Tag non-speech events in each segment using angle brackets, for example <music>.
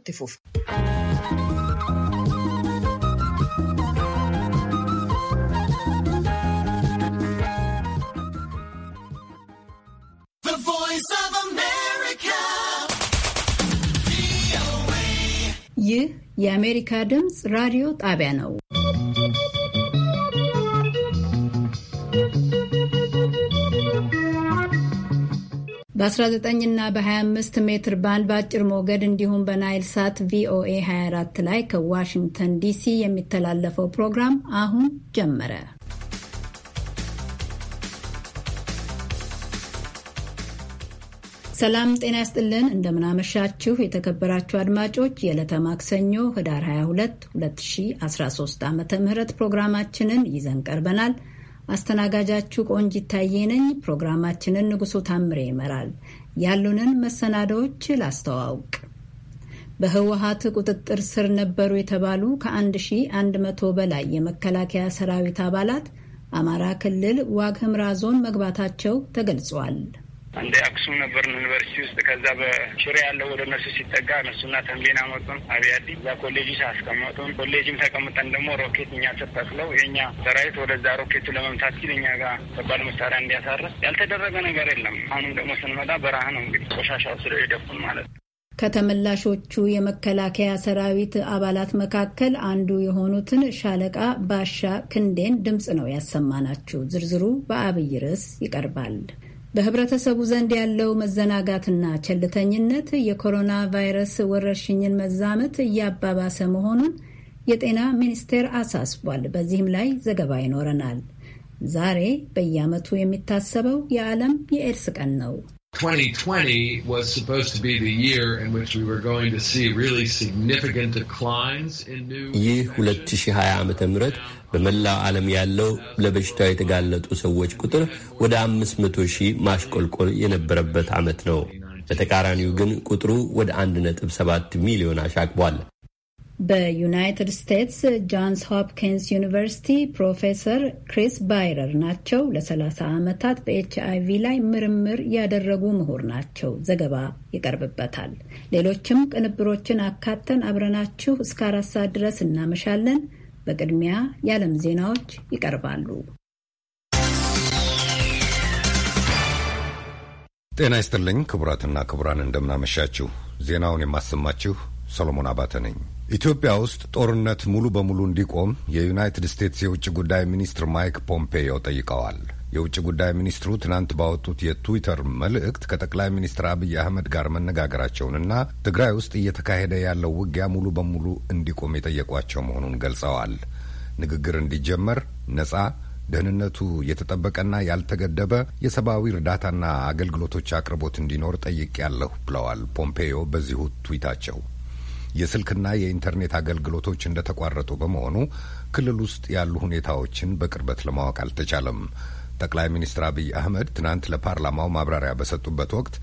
itti fufa. ይህ የአሜሪካ ድምፅ ራዲዮ ጣቢያ ነው። በ19 እና በ25 ሜትር ባንድ በአጭር ሞገድ እንዲሁም በናይል ሳት ቪኦኤ 24 ላይ ከዋሽንግተን ዲሲ የሚተላለፈው ፕሮግራም አሁን ጀመረ። ሰላም ጤና ያስጥልን። እንደምናመሻችሁ የተከበራችሁ አድማጮች የዕለተ ማክሰኞ ህዳር 22 2013 ዓ ም ፕሮግራማችንን ይዘን ቀርበናል። አስተናጋጃችሁ ቆንጅ ታዬ ነኝ። ፕሮግራማችንን ንጉሱ ታምሬ ይመራል። ያሉንን መሰናዶዎች ላስተዋውቅ። በህወሀት ቁጥጥር ስር ነበሩ የተባሉ ከ1100 በላይ የመከላከያ ሰራዊት አባላት አማራ ክልል ዋግ ህምራ ዞን መግባታቸው ተገልጿል። እንደ አክሱም ነበር ዩኒቨርሲቲ ውስጥ ከዛ በሽሬ ያለው ወደ እነሱ ሲጠጋ እነሱና ተንቤና መጡን አብያዲ እዛ ኮሌጅ አስቀመጡን። ኮሌጅም ተቀምጠን ደግሞ ሮኬት እኛ ተጠቅለው የኛ ሰራዊት ወደዛ ሮኬቱ ለመምታት ሲል እኛ ጋር ከባድ መሳሪያ እንዲያሳረስ ያልተደረገ ነገር የለም። አሁንም ደግሞ ስንመጣ በረሃ ነው እንግዲህ ቆሻሻው ስለ የደፉን ማለት ነው። ከተመላሾቹ የመከላከያ ሰራዊት አባላት መካከል አንዱ የሆኑትን ሻለቃ ባሻ ክንዴን ድምፅ ነው ያሰማናችሁ። ዝርዝሩ በአብይ ርዕስ ይቀርባል። በህብረተሰቡ ዘንድ ያለው መዘናጋትና ቸልተኝነት የኮሮና ቫይረስ ወረርሽኝን መዛመት እያባባሰ መሆኑን የጤና ሚኒስቴር አሳስቧል። በዚህም ላይ ዘገባ ይኖረናል። ዛሬ በየዓመቱ የሚታሰበው የዓለም የኤድስ ቀን ነው። 2020 was supposed to be the year in which we were going to see really significant declines in new ይህ 2020 ዓመተ ምህረት በመላው ዓለም ያለው ለበሽታው የተጋለጡ ሰዎች ቁጥር ወደ 500 ሺህ ማሽቆልቆል የነበረበት ዓመት ነው። በተቃራኒው ግን ቁጥሩ ወደ 1.7 ሚሊዮን አሻቅቧል። በዩናይትድ ስቴትስ ጆንስ ሆፕኪንስ ዩኒቨርሲቲ ፕሮፌሰር ክሪስ ባይረር ናቸው። ለ30 ዓመታት በኤች ላይ ምርምር ያደረጉ ምሁር ናቸው። ዘገባ ይቀርብበታል። ሌሎችም ቅንብሮችን አካተን አብረናችሁ እስከ አራት ሰዓት ድረስ እናመሻለን። በቅድሚያ የዓለም ዜናዎች ይቀርባሉ። ጤና ይስጥልኝ ክቡራትና ክቡራን፣ እንደምናመሻችሁ። ዜናውን የማሰማችሁ ሰሎሞን አባተ ነኝ። ኢትዮጵያ ውስጥ ጦርነት ሙሉ በሙሉ እንዲቆም የዩናይትድ ስቴትስ የውጭ ጉዳይ ሚኒስትር ማይክ ፖምፔዮ ጠይቀዋል። የውጭ ጉዳይ ሚኒስትሩ ትናንት ባወጡት የትዊተር መልእክት ከጠቅላይ ሚኒስትር አብይ አህመድ ጋር መነጋገራቸውንና ትግራይ ውስጥ እየተካሄደ ያለው ውጊያ ሙሉ በሙሉ እንዲቆም የጠየቋቸው መሆኑን ገልጸዋል። ንግግር እንዲጀመር ነጻ ደህንነቱ የተጠበቀና ያልተገደበ የሰብአዊ እርዳታና አገልግሎቶች አቅርቦት እንዲኖር ጠይቄያለሁ ብለዋል ፖምፔዮ በዚሁ ትዊታቸው። የስልክና የኢንተርኔት አገልግሎቶች እንደተቋረጡ በመሆኑ ክልል ውስጥ ያሉ ሁኔታዎችን በቅርበት ለማወቅ አልተቻለም። ጠቅላይ ሚኒስትር አብይ አህመድ ትናንት ለፓርላማው ማብራሪያ በሰጡበት ወቅት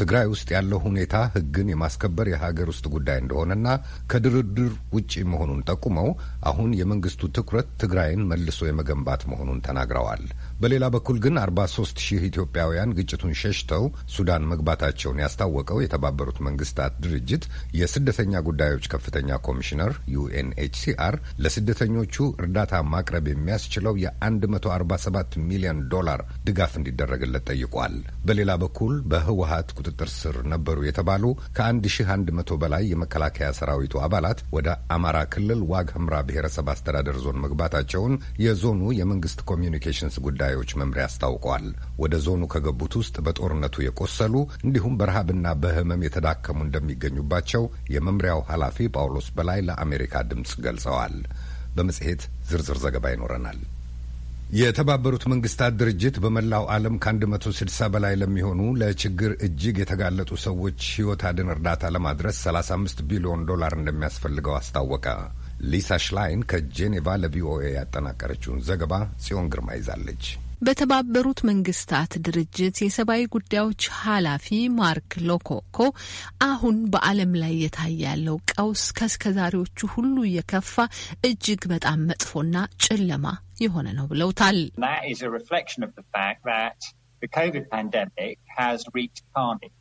ትግራይ ውስጥ ያለው ሁኔታ ሕግን የማስከበር የሀገር ውስጥ ጉዳይ እንደሆነና ከድርድር ውጪ መሆኑን ጠቁመው አሁን የመንግስቱ ትኩረት ትግራይን መልሶ የመገንባት መሆኑን ተናግረዋል። በሌላ በኩል ግን 43 ሺህ ኢትዮጵያውያን ግጭቱን ሸሽተው ሱዳን መግባታቸውን ያስታወቀው የተባበሩት መንግስታት ድርጅት የስደተኛ ጉዳዮች ከፍተኛ ኮሚሽነር ዩኤንኤችሲአር ለስደተኞቹ እርዳታ ማቅረብ የሚያስችለው የ147 ሚሊዮን ዶላር ድጋፍ እንዲደረግለት ጠይቋል። በሌላ በኩል በህወሀት ቁጥጥር ስር ነበሩ የተባሉ ከ1100 በላይ የመከላከያ ሰራዊቱ አባላት ወደ አማራ ክልል ዋግ ህምራ ብሔረሰብ አስተዳደር ዞን መግባታቸውን የዞኑ የመንግስት ኮሚዩኒኬሽንስ ጉዳይ ጉዳዮች መምሪያ አስታውቋል። ወደ ዞኑ ከገቡት ውስጥ በጦርነቱ የቆሰሉ እንዲሁም በረሃብና በህመም የተዳከሙ እንደሚገኙባቸው የመምሪያው ኃላፊ ጳውሎስ በላይ ለአሜሪካ ድምፅ ገልጸዋል። በመጽሔት ዝርዝር ዘገባ ይኖረናል። የተባበሩት መንግስታት ድርጅት በመላው ዓለም ከ160 በላይ ለሚሆኑ ለችግር እጅግ የተጋለጡ ሰዎች ሕይወት አድን እርዳታ ለማድረስ 35 ቢሊዮን ዶላር እንደሚያስፈልገው አስታወቀ። ሊሳ ሽላይን ከጄኔቫ ለቪኦኤ ያጠናቀረችውን ዘገባ ጽዮን ግርማ ይዛለች። በተባበሩት መንግስታት ድርጅት የሰብአዊ ጉዳዮች ኃላፊ ማርክ ሎኮኮ አሁን በዓለም ላይ የታየ ያለው ቀውስ ከእስከዛሬዎቹ ሁሉ የከፋ እጅግ በጣም መጥፎና ጨለማ የሆነ ነው ብለውታል። ሪፍሌክሽን ኦፍ ዘ ፋክት ዛት ዘ ኮቪድ ፓንደሚክ ሃዝ ሪችድ ካርኔጅ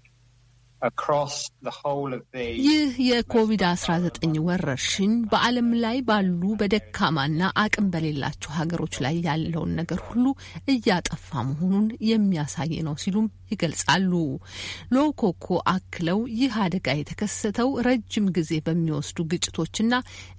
ይህ የኮቪድ-19 ወረርሽኝ በዓለም ላይ ባሉ በደካማና አቅም በሌላቸው ሀገሮች ላይ ያለውን ነገር ሁሉ እያጠፋ መሆኑን የሚያሳይ ነው ሲሉም ይገልጻሉ። ሎኮኮ አክለው ይህ አደጋ የተከሰተው ረጅም ጊዜ በሚወስዱ ግጭቶችና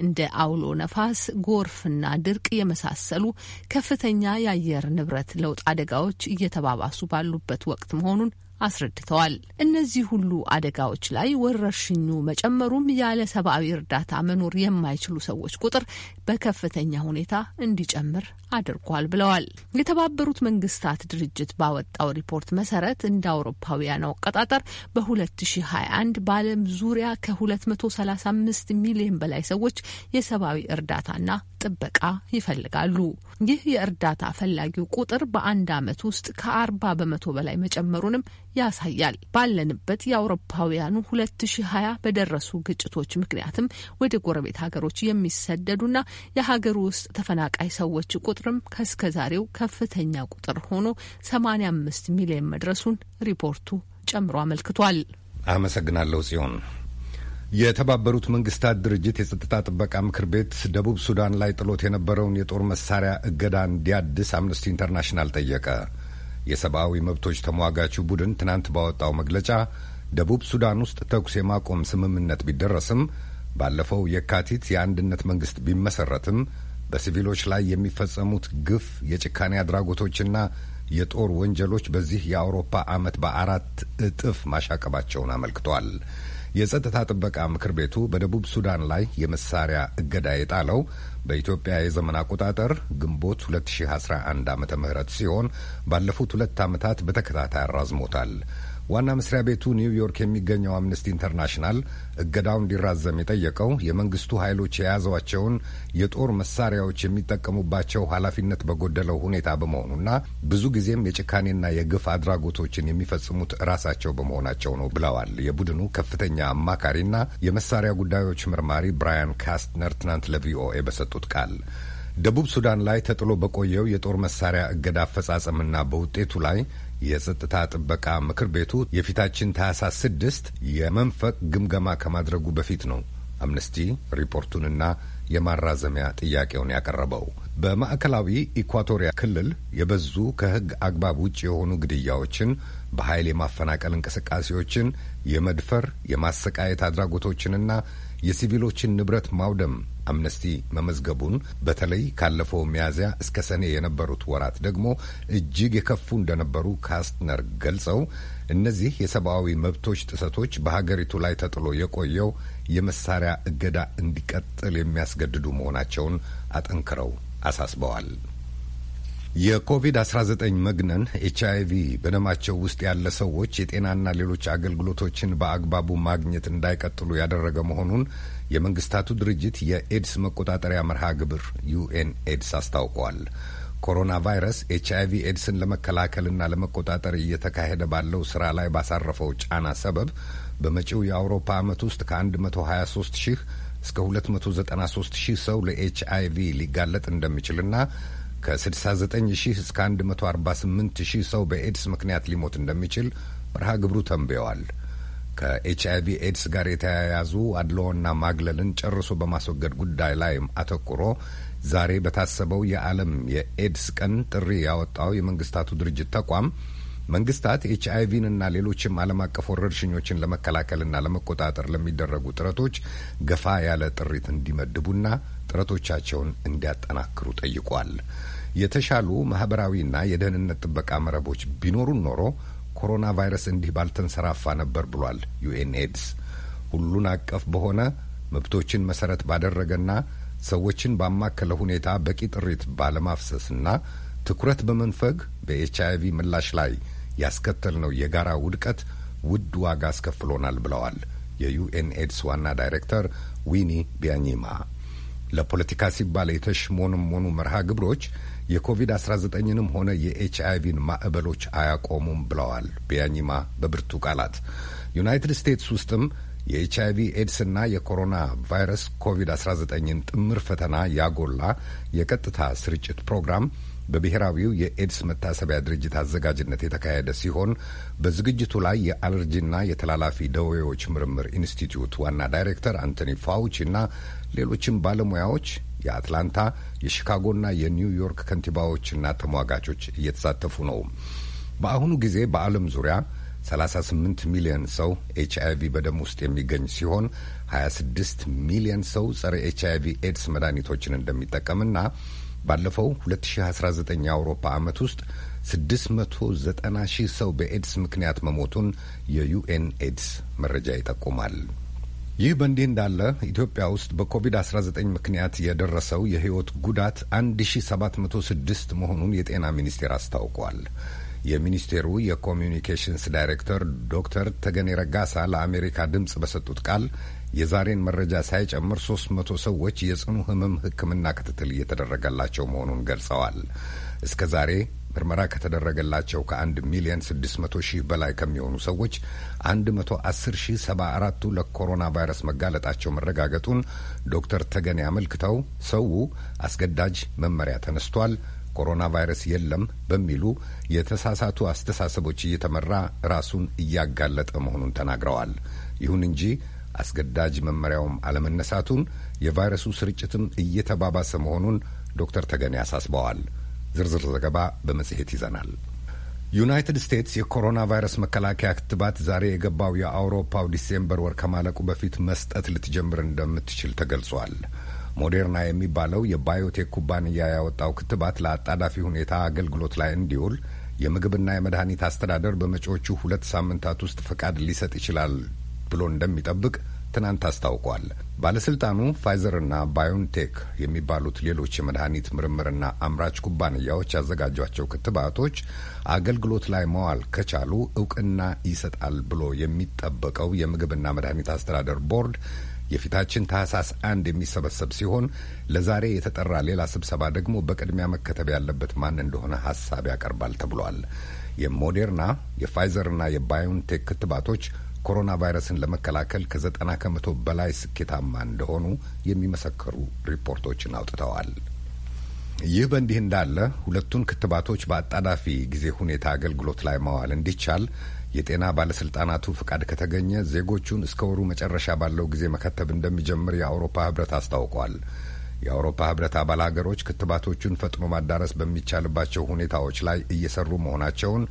እንደ አውሎ ነፋስ፣ ጎርፍና ድርቅ የመሳሰሉ ከፍተኛ የአየር ንብረት ለውጥ አደጋዎች እየተባባሱ ባሉበት ወቅት መሆኑን አስረድተዋል። እነዚህ ሁሉ አደጋዎች ላይ ወረርሽኙ መጨመሩም ያለ ሰብአዊ እርዳታ መኖር የማይችሉ ሰዎች ቁጥር በከፍተኛ ሁኔታ እንዲጨምር አድርጓል ብለዋል። የተባበሩት መንግስታት ድርጅት ባወጣው ሪፖርት መሰረት እንደ አውሮፓውያን አቆጣጠር በ2021 በዓለም ዙሪያ ከ235 ሚሊዮን በላይ ሰዎች የሰብአዊ እርዳታና ጥበቃ ይፈልጋሉ። ይህ የእርዳታ ፈላጊው ቁጥር በአንድ ዓመት ውስጥ ከአርባ በመቶ በላይ መጨመሩንም ያሳያል። ባለንበት የአውሮፓውያኑ 2020 በደረሱ ግጭቶች ምክንያትም ወደ ጎረቤት ሀገሮች የሚሰደዱና የሀገር ውስጥ ተፈናቃይ ሰዎች ቁጥርም ከስከዛሬው ከፍተኛ ቁጥር ሆኖ 85 ሚሊዮን መድረሱን ሪፖርቱ ጨምሮ አመልክቷል። አመሰግናለሁ ጽዮን። የተባበሩት መንግስታት ድርጅት የጸጥታ ጥበቃ ምክር ቤት ደቡብ ሱዳን ላይ ጥሎት የነበረውን የጦር መሳሪያ እገዳ እንዲያድስ አምነስቲ ኢንተርናሽናል ጠየቀ። የሰብአዊ መብቶች ተሟጋቹ ቡድን ትናንት ባወጣው መግለጫ ደቡብ ሱዳን ውስጥ ተኩስ የማቆም ስምምነት ቢደረስም ባለፈው የካቲት የአንድነት መንግስት ቢመሰረትም በሲቪሎች ላይ የሚፈጸሙት ግፍ፣ የጭካኔ አድራጎቶችና የጦር ወንጀሎች በዚህ የአውሮፓ ዓመት በአራት እጥፍ ማሻቀባቸውን አመልክቷል። የጸጥታ ጥበቃ ምክር ቤቱ በደቡብ ሱዳን ላይ የመሳሪያ እገዳ የጣለው በኢትዮጵያ የዘመን አቆጣጠር ግንቦት 2011 ዓ ም ሲሆን ባለፉት ሁለት ዓመታት በተከታታይ አራዝሞታል። ዋና መስሪያ ቤቱ ኒውዮርክ የሚገኘው አምነስቲ ኢንተርናሽናል እገዳው እንዲራዘም የጠየቀው የመንግስቱ ኃይሎች የያዟቸውን የጦር መሳሪያዎች የሚጠቀሙባቸው ኃላፊነት በጎደለው ሁኔታ በመሆኑና ብዙ ጊዜም የጭካኔና የግፍ አድራጎቶችን የሚፈጽሙት ራሳቸው በመሆናቸው ነው ብለዋል የቡድኑ ከፍተኛ አማካሪና የመሳሪያ ጉዳዮች መርማሪ ብራያን ካስትነር ትናንት ለቪኦኤ በሰጡት ቃል። ደቡብ ሱዳን ላይ ተጥሎ በቆየው የጦር መሳሪያ እገዳ አፈጻጸምና በውጤቱ ላይ የጸጥታ ጥበቃ ምክር ቤቱ የፊታችን ታህሳስ ስድስት የመንፈቅ ግምገማ ከማድረጉ በፊት ነው አምነስቲ ሪፖርቱንና የማራዘሚያ ጥያቄውን ያቀረበው። በማዕከላዊ ኢኳቶሪያ ክልል የበዙ ከህግ አግባብ ውጭ የሆኑ ግድያዎችን፣ በኃይል የማፈናቀል እንቅስቃሴዎችን፣ የመድፈር የማሰቃየት አድራጎቶችንና የሲቪሎችን ንብረት ማውደም አምነስቲ መመዝገቡን በተለይ ካለፈው ሚያዝያ እስከ ሰኔ የነበሩት ወራት ደግሞ እጅግ የከፉ እንደነበሩ ካስትነር ገልጸው እነዚህ የሰብአዊ መብቶች ጥሰቶች በሀገሪቱ ላይ ተጥሎ የቆየው የመሳሪያ እገዳ እንዲቀጥል የሚያስገድዱ መሆናቸውን አጠንክረው አሳስበዋል። የኮቪድ-19 መግነን ኤች አይ ቪ በደማቸው ውስጥ ያለ ሰዎች የጤናና ሌሎች አገልግሎቶችን በአግባቡ ማግኘት እንዳይቀጥሉ ያደረገ መሆኑን የመንግስታቱ ድርጅት የኤድስ መቆጣጠሪያ መርሃ ግብር ዩኤን ኤድስ አስታውቋል። ኮሮና ቫይረስ ኤች አይ ቪ ኤድስን ለመከላከልና ለመቆጣጠር እየተካሄደ ባለው ስራ ላይ ባሳረፈው ጫና ሰበብ በመጪው የአውሮፓ ዓመት ውስጥ ከ123 ሺህ እስከ 293 ሺህ ሰው ለኤች አይ ቪ ሊጋለጥ እንደሚችልና ከ69 ሺህ እስከ 148 ሺህ ሰው በኤድስ ምክንያት ሊሞት እንደሚችል መርሃ ግብሩ ተንብየዋል። ከኤች ቪ ኤድስ ጋር የተያያዙ አድልዎና ማግለልን ጨርሶ በማስወገድ ጉዳይ ላይም አተኩሮ ዛሬ በታሰበው የዓለም የኤድስ ቀን ጥሪ ያወጣው የመንግስታቱ ድርጅት ተቋም መንግስታት ኤች አይቪንና ሌሎችም ዓለም አቀፍ ወረርሽኞችን ለመከላከልና ለመቆጣጠር ለሚደረጉ ጥረቶች ገፋ ያለ ጥሪት እንዲመድቡና ጥረቶቻቸውን እንዲያጠናክሩ ጠይቋል። የተሻሉ ማህበራዊና የደህንነት ጥበቃ መረቦች ቢኖሩን ኖሮ ኮሮና ቫይረስ እንዲህ ባልተንሰራፋ ነበር ብሏል ዩኤንኤድስ። ሁሉን አቀፍ በሆነ መብቶችን መሰረት ባደረገና ሰዎችን ባማከለ ሁኔታ በቂ ጥሪት ባለማፍሰስና ትኩረት በመንፈግ በኤች አይቪ ምላሽ ላይ ያስከተልነው የጋራ ውድቀት ውድ ዋጋ አስከፍሎናል ብለዋል የዩኤንኤድስ ዋና ዳይሬክተር ዊኒ ቢያኒማ። ለፖለቲካ ሲባል የተሽሞንሞኑ መርሃ ግብሮች የኮቪድ-19ንም ሆነ የኤችአይቪን ማዕበሎች አያቆሙም ብለዋል ቢያኒማ በብርቱ ቃላት። ዩናይትድ ስቴትስ ውስጥም የኤችአይቪ ኤድስና የኮሮና ቫይረስ ኮቪድ-19ን ጥምር ፈተና ያጎላ የቀጥታ ስርጭት ፕሮግራም በብሔራዊው የኤድስ መታሰቢያ ድርጅት አዘጋጅነት የተካሄደ ሲሆን በዝግጅቱ ላይ የአለርጂና የተላላፊ ደዌዎች ምርምር ኢንስቲትዩት ዋና ዳይሬክተር አንቶኒ ፋውች እና ሌሎችም ባለሙያዎች የአትላንታ የሺካጎና የኒውዮርክ ከንቲባዎችና ተሟጋቾች እየተሳተፉ ነው። በአሁኑ ጊዜ በዓለም ዙሪያ 38 ሚሊዮን ሰው ኤች አይቪ በደም ውስጥ የሚገኝ ሲሆን 26 ሚሊዮን ሰው ጸረ ኤች አይቪ ኤድስ መድኃኒቶችን እንደሚጠቀምና ባለፈው 2019 አውሮፓ ዓመት ውስጥ 690 ሺህ ሰው በኤድስ ምክንያት መሞቱን የዩኤን ኤድስ መረጃ ይጠቁማል። ይህ በእንዲህ እንዳለ ኢትዮጵያ ውስጥ በኮቪድ-19 ምክንያት የደረሰው የሕይወት ጉዳት 1706 መሆኑን የጤና ሚኒስቴር አስታውቋል። የሚኒስቴሩ የኮሚዩኒኬሽንስ ዳይሬክተር ዶክተር ተገኔ ረጋሳ ለአሜሪካ ድምፅ በሰጡት ቃል የዛሬን መረጃ ሳይጨምር ሶስት መቶ ሰዎች የጽኑ ህመም ሕክምና ክትትል እየተደረገላቸው መሆኑን ገልጸዋል። እስከ ዛሬ ምርመራ ከተደረገላቸው ከአንድ ሚሊዮን ስድስት መቶ ሺህ በላይ ከሚሆኑ ሰዎች አንድ መቶ አስር ሺህ ሰባ አራቱ ለኮሮና ቫይረስ መጋለጣቸው መረጋገጡን ዶክተር ተገኔ አመልክተው ሰው አስገዳጅ መመሪያ ተነስቷል ኮሮና ቫይረስ የለም በሚሉ የተሳሳቱ አስተሳሰቦች እየተመራ ራሱን እያጋለጠ መሆኑን ተናግረዋል። ይሁን እንጂ አስገዳጅ መመሪያውም አለመነሳቱን የቫይረሱ ስርጭትም እየተባባሰ መሆኑን ዶክተር ተገኔ አሳስበዋል። ዝርዝር ዘገባ በመጽሔት ይዘናል። ዩናይትድ ስቴትስ የኮሮና ቫይረስ መከላከያ ክትባት ዛሬ የገባው የአውሮፓው ዲሴምበር ወር ከማለቁ በፊት መስጠት ልትጀምር እንደምትችል ተገልጿል። ሞዴርና የሚባለው የባዮቴክ ኩባንያ ያወጣው ክትባት ለአጣዳፊ ሁኔታ አገልግሎት ላይ እንዲውል የምግብና የመድኃኒት አስተዳደር በመጪዎቹ ሁለት ሳምንታት ውስጥ ፈቃድ ሊሰጥ ይችላል ብሎ እንደሚጠብቅ ትናንት አስታውቋል። ባለስልጣኑ ፋይዘርና ባዮንቴክ የሚባሉት ሌሎች የመድኃኒት ምርምርና አምራች ኩባንያዎች ያዘጋጇቸው ክትባቶች አገልግሎት ላይ መዋል ከቻሉ እውቅና ይሰጣል ብሎ የሚጠበቀው የምግብና መድኃኒት አስተዳደር ቦርድ የፊታችን ታህሳስ አንድ የሚሰበሰብ ሲሆን ለዛሬ የተጠራ ሌላ ስብሰባ ደግሞ በቅድሚያ መከተብ ያለበት ማን እንደሆነ ሀሳብ ያቀርባል ተብሏል። የሞዴርና የፋይዘርና የባዮንቴክ ክትባቶች ኮሮና ቫይረስን ለመከላከል ከዘጠና ከመቶ በላይ ስኬታማ እንደሆኑ የሚመሰከሩ ሪፖርቶችን አውጥተዋል። ይህ በእንዲህ እንዳለ ሁለቱን ክትባቶች በአጣዳፊ ጊዜ ሁኔታ አገልግሎት ላይ ማዋል እንዲቻል የጤና ባለስልጣናቱ ፍቃድ ከተገኘ ዜጎቹን እስከ ወሩ መጨረሻ ባለው ጊዜ መከተብ እንደሚጀምር የአውሮፓ ህብረት አስታውቋል። የአውሮፓ ህብረት አባል ሀገሮች ክትባቶቹን ፈጥኖ ማዳረስ በሚቻልባቸው ሁኔታዎች ላይ እየሰሩ መሆናቸውን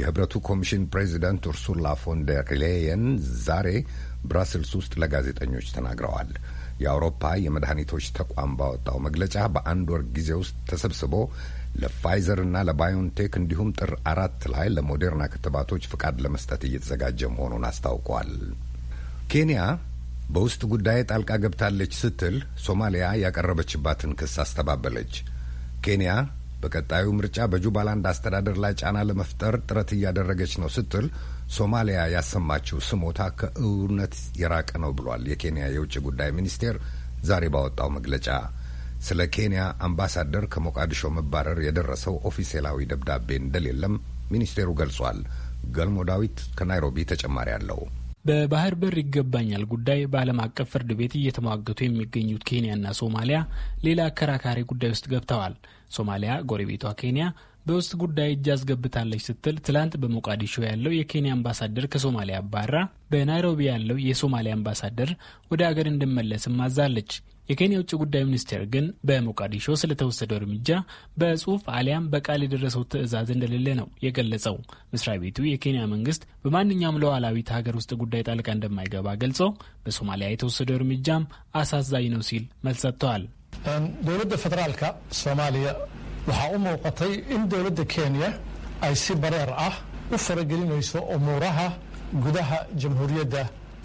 የህብረቱ ኮሚሽን ፕሬዚደንት ኡርሱላ ፎንደር ሌየን ዛሬ ብራስልስ ውስጥ ለጋዜጠኞች ተናግረዋል። የአውሮፓ የመድኃኒቶች ተቋም ባወጣው መግለጫ በአንድ ወር ጊዜ ውስጥ ተሰብስቦ ለፋይዘርና ለባዮንቴክ እንዲሁም ጥር አራት ላይ ለሞዴርና ክትባቶች ፍቃድ ለመስጠት እየተዘጋጀ መሆኑን አስታውቋል። ኬንያ በውስጥ ጉዳይ ጣልቃ ገብታለች ስትል ሶማሊያ ያቀረበችባትን ክስ አስተባበለች። ኬንያ በቀጣዩ ምርጫ በጁባላንድ አስተዳደር ላይ ጫና ለመፍጠር ጥረት እያደረገች ነው ስትል ሶማሊያ ያሰማችው ስሞታ ከእውነት የራቀ ነው ብሏል የኬንያ የውጭ ጉዳይ ሚኒስቴር ዛሬ ባወጣው መግለጫ። ስለ ኬንያ አምባሳደር ከሞቃዲሾ መባረር የደረሰው ኦፊሴላዊ ደብዳቤ እንደሌለም ሚኒስቴሩ ገልጿል። ገልሞ ዳዊት ከናይሮቢ ተጨማሪ አለው። በባህር በር ይገባኛል ጉዳይ በዓለም አቀፍ ፍርድ ቤት እየተሟገቱ የሚገኙት ኬንያና ሶማሊያ ሌላ አከራካሪ ጉዳይ ውስጥ ገብተዋል። ሶማሊያ ጎረቤቷ ኬንያ በውስጥ ጉዳይ እጅ አስገብታለች ስትል ትላንት በሞቃዲሾ ያለው የኬንያ አምባሳደር ከሶማሊያ አባራ፣ በናይሮቢ ያለው የሶማሊያ አምባሳደር ወደ አገር እንዲመለስም አዛለች። የኬንያ የውጭ ጉዳይ ሚኒስቴር ግን በሞቃዲሾ ስለተወሰደው እርምጃ በጽሁፍ አሊያም በቃል የደረሰው ትዕዛዝ እንደሌለ ነው የገለጸው። መስሪያ ቤቱ የኬንያ መንግስት በማንኛውም ሉዓላዊት ሀገር ውስጥ ጉዳይ ጣልቃ እንደማይገባ ገልጾ በሶማሊያ የተወሰደው እርምጃም አሳዛኝ ነው ሲል መልስ ሰጥተዋል። ደውለደ ፌደራልካ ሶማሊያ ውሓ ኡመውቀተይ ኢን ደውለደ ኬንያ አይሲ በረር አህ ኡፈረገሊነይሶ ኡሙራሃ ጉዳሃ ጀምሁርየዳ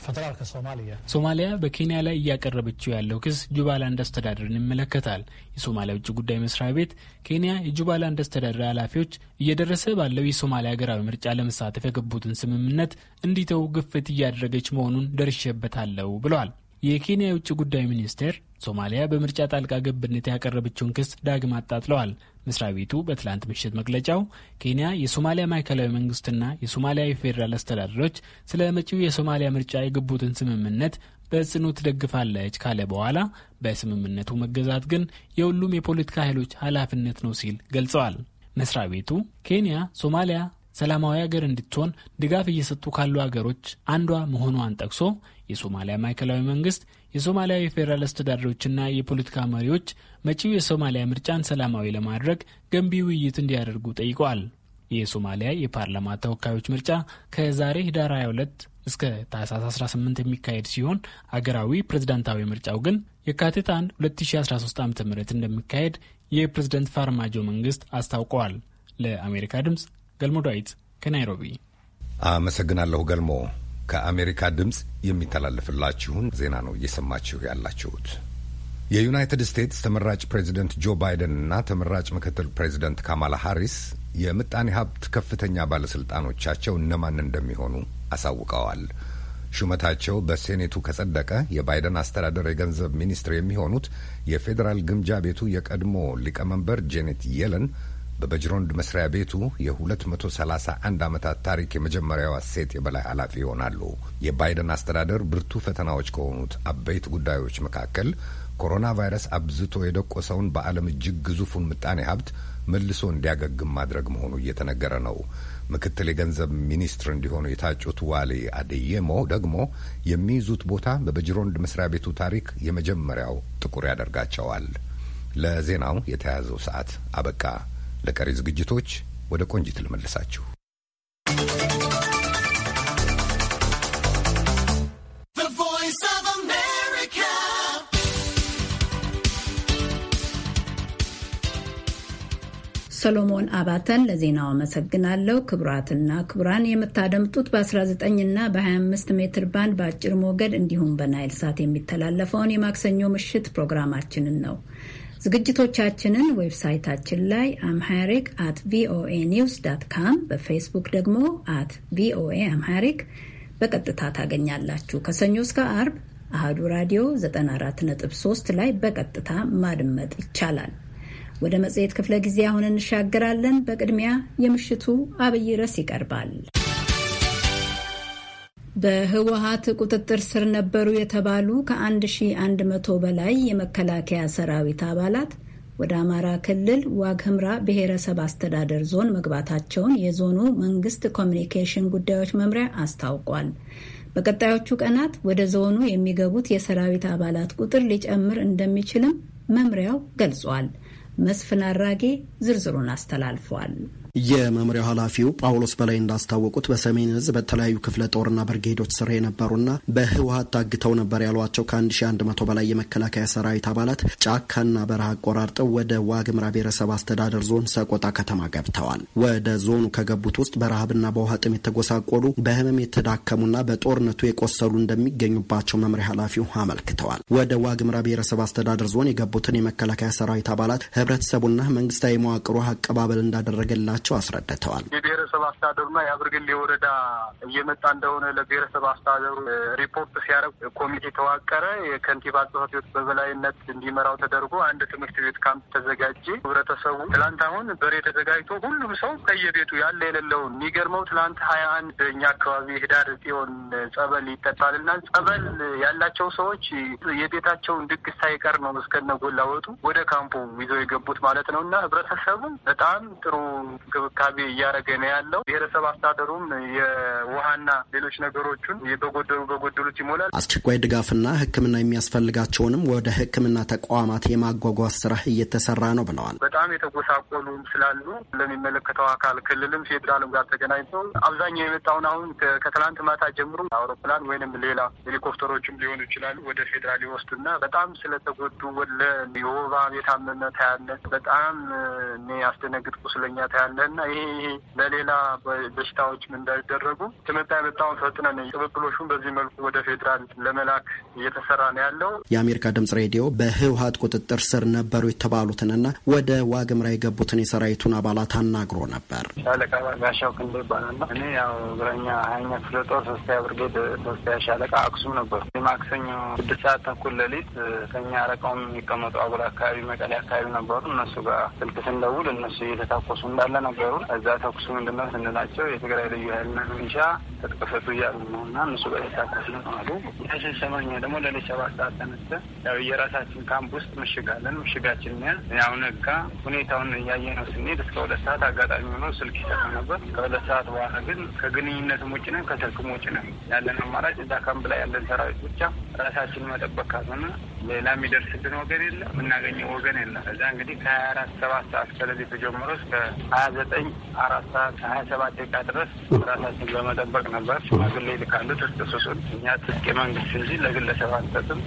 ፌዴራልከ ሶማሊያ ሶማሊያ በኬንያ ላይ እያቀረበችው ያለው ክስ ጁባላንድ አስተዳደርን ይመለከታል። የሶማሊያ ውጭ ጉዳይ መስሪያ ቤት ኬንያ የጁባላንድ አስተዳደር ኃላፊዎች እየደረሰ ባለው የሶማሊያ ሀገራዊ ምርጫ ለመሳተፍ የገቡትን ስምምነት እንዲተው ግፍት እያደረገች መሆኑን ደርሼበታለሁ ብለዋል። የኬንያ የውጭ ጉዳይ ሚኒስቴር ሶማሊያ በምርጫ ጣልቃ ገብነት ያቀረበችውን ክስ ዳግም አጣጥለዋል። መስሪያ ቤቱ በትላንት ምሽት መግለጫው ኬንያ የሶማሊያ ማዕከላዊ መንግስትና የሶማሊያ የፌዴራል አስተዳደሮች ስለ መጪው የሶማሊያ ምርጫ የገቡትን ስምምነት በጽኑ ትደግፋለች ካለ በኋላ በስምምነቱ መገዛት ግን የሁሉም የፖለቲካ ኃይሎች ኃላፊነት ነው ሲል ገልጸዋል። መስሪያ ቤቱ ኬንያ ሶማሊያ ሰላማዊ ሀገር እንድትሆን ድጋፍ እየሰጡ ካሉ ሀገሮች አንዷ መሆኗን ጠቅሶ የሶማሊያ ማዕከላዊ መንግስት የሶማሊያ የፌዴራል አስተዳደሮችና የፖለቲካ መሪዎች መጪው የሶማሊያ ምርጫን ሰላማዊ ለማድረግ ገንቢ ውይይት እንዲያደርጉ ጠይቀዋል። የሶማሊያ የፓርላማ ተወካዮች ምርጫ ከዛሬ ህዳር 22 እስከ ታህሳስ 18 የሚካሄድ ሲሆን አገራዊ ፕሬዝዳንታዊ ምርጫው ግን የካቲት 1 2013 ዓ ም እንደሚካሄድ የፕሬዝደንት ፋርማጆ መንግስት አስታውቀዋል። ለአሜሪካ ድምፅ ገልሞ ዳዊት ከናይሮቢ አመሰግናለሁ ገልሞ። ከአሜሪካ ድምፅ የሚተላለፍላችሁን ዜና ነው እየሰማችሁ ያላችሁት። የዩናይትድ ስቴትስ ተመራጭ ፕሬዚደንት ጆ ባይደን እና ተመራጭ ምክትል ፕሬዚደንት ካማላ ሃሪስ የምጣኔ ሀብት ከፍተኛ ባለስልጣኖቻቸው እነማን እንደሚሆኑ አሳውቀዋል። ሹመታቸው በሴኔቱ ከጸደቀ የባይደን አስተዳደር የገንዘብ ሚኒስትር የሚሆኑት የፌዴራል ግምጃ ቤቱ የቀድሞ ሊቀመንበር ጄኔት የለን በበጅሮንድ መስሪያ ቤቱ የ231 ዓመታት ታሪክ የመጀመሪያዋ ሴት የበላይ ኃላፊ ይሆናሉ። የባይደን አስተዳደር ብርቱ ፈተናዎች ከሆኑት አበይት ጉዳዮች መካከል ኮሮና ቫይረስ አብዝቶ የደቆሰውን በዓለም እጅግ ግዙፉን ምጣኔ ሀብት መልሶ እንዲያገግም ማድረግ መሆኑ እየተነገረ ነው። ምክትል የገንዘብ ሚኒስትር እንዲሆኑ የታጩት ዋሌ አደየሞ ደግሞ የሚይዙት ቦታ በበጅሮንድ መስሪያ ቤቱ ታሪክ የመጀመሪያው ጥቁር ያደርጋቸዋል። ለዜናው የተያዘው ሰዓት አበቃ። ለቀሪ ዝግጅቶች ወደ ቆንጂት ልመልሳችሁ። ሰሎሞን አባተን ለዜናው አመሰግናለሁ። ክቡራትና ክቡራን የምታደምጡት በ19ና በ25 ሜትር ባንድ በአጭር ሞገድ እንዲሁም በናይል ሳት የሚተላለፈውን የማክሰኞ ምሽት ፕሮግራማችንን ነው። ዝግጅቶቻችንን ዌብሳይታችን ላይ አምሃሪክ አት ቪኦኤ ኒውስ ዳት ካም በፌስቡክ ደግሞ አት ቪኦኤ አምሃሪክ በቀጥታ ታገኛላችሁ። ከሰኞ እስከ አርብ አህዱ ራዲዮ 94.3 ላይ በቀጥታ ማድመጥ ይቻላል። ወደ መጽሔት ክፍለ ጊዜ አሁን እንሻገራለን። በቅድሚያ የምሽቱ አብይ ርዕስ ይቀርባል። በህወሀት ቁጥጥር ስር ነበሩ የተባሉ ከ1100 በላይ የመከላከያ ሰራዊት አባላት ወደ አማራ ክልል ዋግ ህምራ ብሔረሰብ አስተዳደር ዞን መግባታቸውን የዞኑ መንግስት ኮሚኒኬሽን ጉዳዮች መምሪያ አስታውቋል። በቀጣዮቹ ቀናት ወደ ዞኑ የሚገቡት የሰራዊት አባላት ቁጥር ሊጨምር እንደሚችልም መምሪያው ገልጿል። መስፍን አራጌ ዝርዝሩን አስተላልፏል። የመምሪያው ኃላፊው ጳውሎስ በላይ እንዳስታወቁት በሰሜን እዝ በተለያዩ ክፍለ ጦርና ብርጌዶች ስር የነበሩና በህወሀት ታግተው ነበር ያሏቸው ከ1100 በላይ የመከላከያ ሰራዊት አባላት ጫካና በረሃ አቆራርጠው ወደ ዋግምራ ብሔረሰብ አስተዳደር ዞን ሰቆጣ ከተማ ገብተዋል። ወደ ዞኑ ከገቡት ውስጥ በረሃብና በውሃ ጥም የተጎሳቆሉ በህመም የተዳከሙና በጦርነቱ የቆሰሉ እንደሚገኙባቸው መምሪያ ኃላፊው አመልክተዋል። ወደ ዋግምራ ብሔረሰብ አስተዳደር ዞን የገቡትን የመከላከያ ሰራዊት አባላት ህብረተሰቡና መንግስታዊ መዋቅሩ አቀባበል እንዳደረገላቸው መሆናቸው አስረድተዋል። የብሔረሰብ አስተዳደሩና የአብርግሌ ወረዳ እየመጣ እንደሆነ ለብሔረሰብ አስተዳደሩ ሪፖርት ሲያደርግ ኮሚቴ ተዋቀረ። የከንቲባ ጽሕፈት ቤት በበላይነት እንዲመራው ተደርጎ አንድ ትምህርት ቤት ካምፕ ተዘጋጀ። ህብረተሰቡ ትላንት አሁን በሬ ተዘጋጅቶ ሁሉም ሰው ከየቤቱ ያለ የሌለውን የሚገርመው ትላንት ሀያ አንድ እኛ አካባቢ ህዳር ጽዮን ጸበል ይጠጣልና ጸበል ያላቸው ሰዎች የቤታቸውን ድግስ ሳይቀር ነው እስከነ ጎላ ወጡ ወደ ካምፑ ይዘው የገቡት ማለት ነው እና ህብረተሰቡ በጣም ጥሩ እንክብካቤ እያደረገ ነው ያለው። ብሔረሰብ አስተዳደሩም የውሃና ሌሎች ነገሮቹን በጎደሉ በጎደሉት ይሞላል። አስቸኳይ ድጋፍና ሕክምና የሚያስፈልጋቸውንም ወደ ሕክምና ተቋማት የማጓጓዝ ስራ እየተሰራ ነው ብለዋል። በጣም የተጎሳቆሉ ስላሉ ለሚመለከተው አካል ክልልም ፌዴራልም ጋር ተገናኝቶ አብዛኛው የመጣውን አሁን ከትላንት ማታ ጀምሮ አውሮፕላን ወይንም ሌላ ሄሊኮፕተሮችም ሊሆኑ ይችላሉ ወደ ፌዴራል ይወስዱና በጣም ስለተጎዱ ወለ የወባ የታመመ ታያለ፣ በጣም ያስደነግጥ ቁስለኛ ታያለ እና ይሄ ይሄ ለሌላ በሽታዎችም እንዳይደረጉ ትምህርት የመጣውን ፈጥነን ቅብብሎሹን በዚህ መልኩ ወደ ፌዴራል ለመላክ እየተሰራ ነው ያለው። የአሜሪካ ድምጽ ሬዲዮ በህወሀት ቁጥጥር ስር ነበሩ የተባሉትንና ወደ ዋግምራ የገቡትን የሰራዊቱን አባላት አናግሮ ነበር። ሻለቃ ጋሻው ክንዴ ይባላል። እኔ ያው እግረኛ ሀያኛ ክፍለ ጦር ሶስተኛ ብርጌድ ሶስተኛ ሻለቃ አክሱም ነበር። ማክሰኞ ስድስት ሰዓት ተኩል ሌሊት ከኛ አለቃውም የሚቀመጡ አጉል አካባቢ መቀሌ አካባቢ ነበሩ። እነሱ ጋር ስልክ ስንደውል እነሱ እየተታኮሱ እንዳለ እዛ ተኩሱ ስንላቸው የትግራይ ልዩ ኃይልና ሚሊሻ እያሉ ነው እና እነሱ ጋር የተታኮሱ አሉ። ሰማኛ ደግሞ ሌሊት ሰባት ሰዓት ተነስተ ያው የራሳችን ካምፕ ውስጥ ምሽጋለን ምሽጋችን ያው ነጋ ሁኔታውን እያየነው ስንሄድ እስከ ሁለት ሰዓት አጋጣሚ ሆኖ ስልክ ይሰራ ነበር። ከሁለት ሰዓት በኋላ ግን ከግንኙነትም ውጭ ነን፣ ከስልክም ውጭ ነን። ያለን አማራጭ እዛ ካምፕ ላይ ያለን ሰራዊት ብቻ ራሳችን መጠበቅ ካልሆነ ሌላ የሚደርስብን ወገን የለም፣ የምናገኘው ወገን የለም። እዛ እንግዲህ ከሀያ አራት ሰባት ሰዓት ከሌሊቱ ጀምሮ እስከ ሀያ ዘጠኝ አራት ሰዓት ሀያ ሰባት ደቂቃ ድረስ ራሳችን በመጠበቅ ነበር። ሽማግሌ ይልካሉ ትጥቅ ስጡን። እኛ ትጥቅ መንግስት እንጂ ለግለሰብ አንሰጥም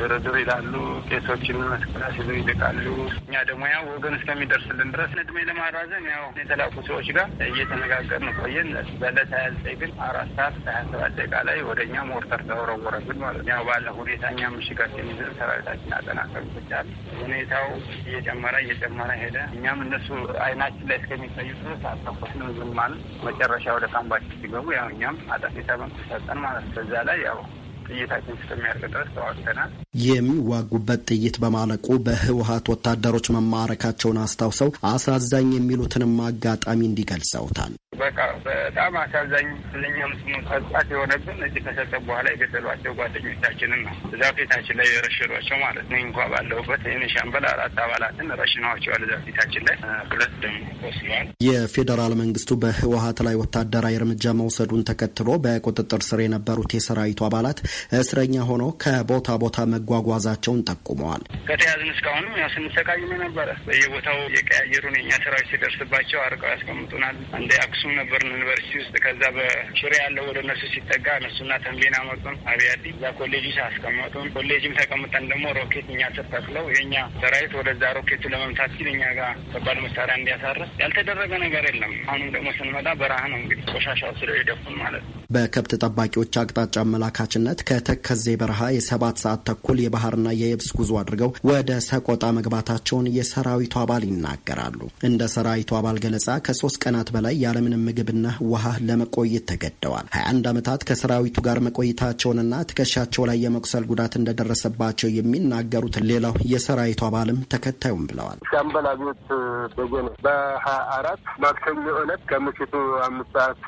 ድርድር ይላሉ። ቄሶችን መስቀላ ሲሉ ይልቃሉ። እኛ ደግሞ ያው ወገን እስከሚደርስልን ድረስ እድሜ ለማራዘም ያው የተላኩ ሰዎች ጋር እየተነጋገርን ቆየን። በለት ሀያ ዘጠኝ ግን አራት ሰዓት ከሀያ ሰባት ደቂቃ ላይ ወደ እኛ ሞርተር ተወረወረብን ማለት ያው ባለ ሁኔታ እኛ ምሽጋችን ይዘን ሰራዊታችን አጠናከሩ ብቻል ሁኔታው እየጨመረ እየጨመረ ሄደ። እኛም እነሱ አይናችን ላይ እስከሚታዩ ድረስ አልተኮስንም፣ ዝም አልን። መጨረሻ ወደ ካምባችን ሲገቡ ያው እኛም አጠፊ ተመን ሰጠን ማለት በዛ ላይ ያው ጥይታችን እስከሚያልቅ ድረስ ተዋግተናል። የሚዋጉበት ጥይት በማለቁ በህወሀት ወታደሮች መማረካቸውን አስታውሰው አሳዛኝ የሚሉትንም አጋጣሚ እንዲገልጸውታል። በቃ በጣም አሳዛኝ ለኛም ጸጽት የሆነብን እዚህ ከሰጠ በኋላ የገደሏቸው ጓደኞቻችንን ነው። እዛ ፊታችን ላይ የረሽሯቸው ማለት ነው። እንኳ ባለሁበት ይህን ሻምበል አራት አባላትን ረሽነዋቸዋል። እዛ ፊታችን ላይ ሁለት ደግሞ ቆስለዋል። የፌዴራል መንግስቱ በህወሀት ላይ ወታደራዊ እርምጃ መውሰዱን ተከትሎ በቁጥጥር ስር የነበሩት የሰራዊቱ አባላት እስረኛ ሆኖ ከቦታ ቦታ መጓጓዛቸውን ጠቁመዋል። ከተያዝን እስካሁንም ያው ስንሰቃይ ነበረ። በየቦታው የቀያየሩን ኛ ሰራዊት ሲደርስባቸው አርቀው ያስቀምጡናል። እንደ አክሱም ነበርን ዩኒቨርሲቲ ውስጥ። ከዛ በሽሬ ያለው ወደ እነሱ ሲጠጋ እነሱና ተንቤና መጡን። አብያዲ። እዛ ኮሌጅ አስቀመጡን። ኮሌጅም ተቀምጠን ደግሞ ሮኬት እኛ ስር ተክለው የእኛ ሰራዊት ወደዛ ሮኬቱ ለመምታት ሲል እኛ ጋር ከባድ መሳሪያ እንዲያሳርፍ ያልተደረገ ነገር የለም። አሁንም ደግሞ ስንመጣ በረሃ ነው እንግዲህ ቆሻሻው ስለ የደፉን ማለት ነው። በከብት ጠባቂዎች አቅጣጫ አመላካችነት ከተከዜ በረሃ የሰባት ሰዓት ተኩል የባህርና የየብስ ጉዞ አድርገው ወደ ሰቆጣ መግባታቸውን የሰራዊቱ አባል ይናገራሉ። እንደ ሰራዊቱ አባል ገለጻ ከሶስት ቀናት በላይ ያለምንም ምግብና ውሃ ለመቆየት ተገደዋል። 21 ዓመታት ከሰራዊቱ ጋር መቆየታቸውንና ትከሻቸው ላይ የመቁሰል ጉዳት እንደደረሰባቸው የሚናገሩት ሌላው የሰራዊቱ አባልም ተከታዩም ብለዋል። ሻምበል አብዮት በሀያ አራት ማክሰኞ ከምሽቱ አምስት ሰዓት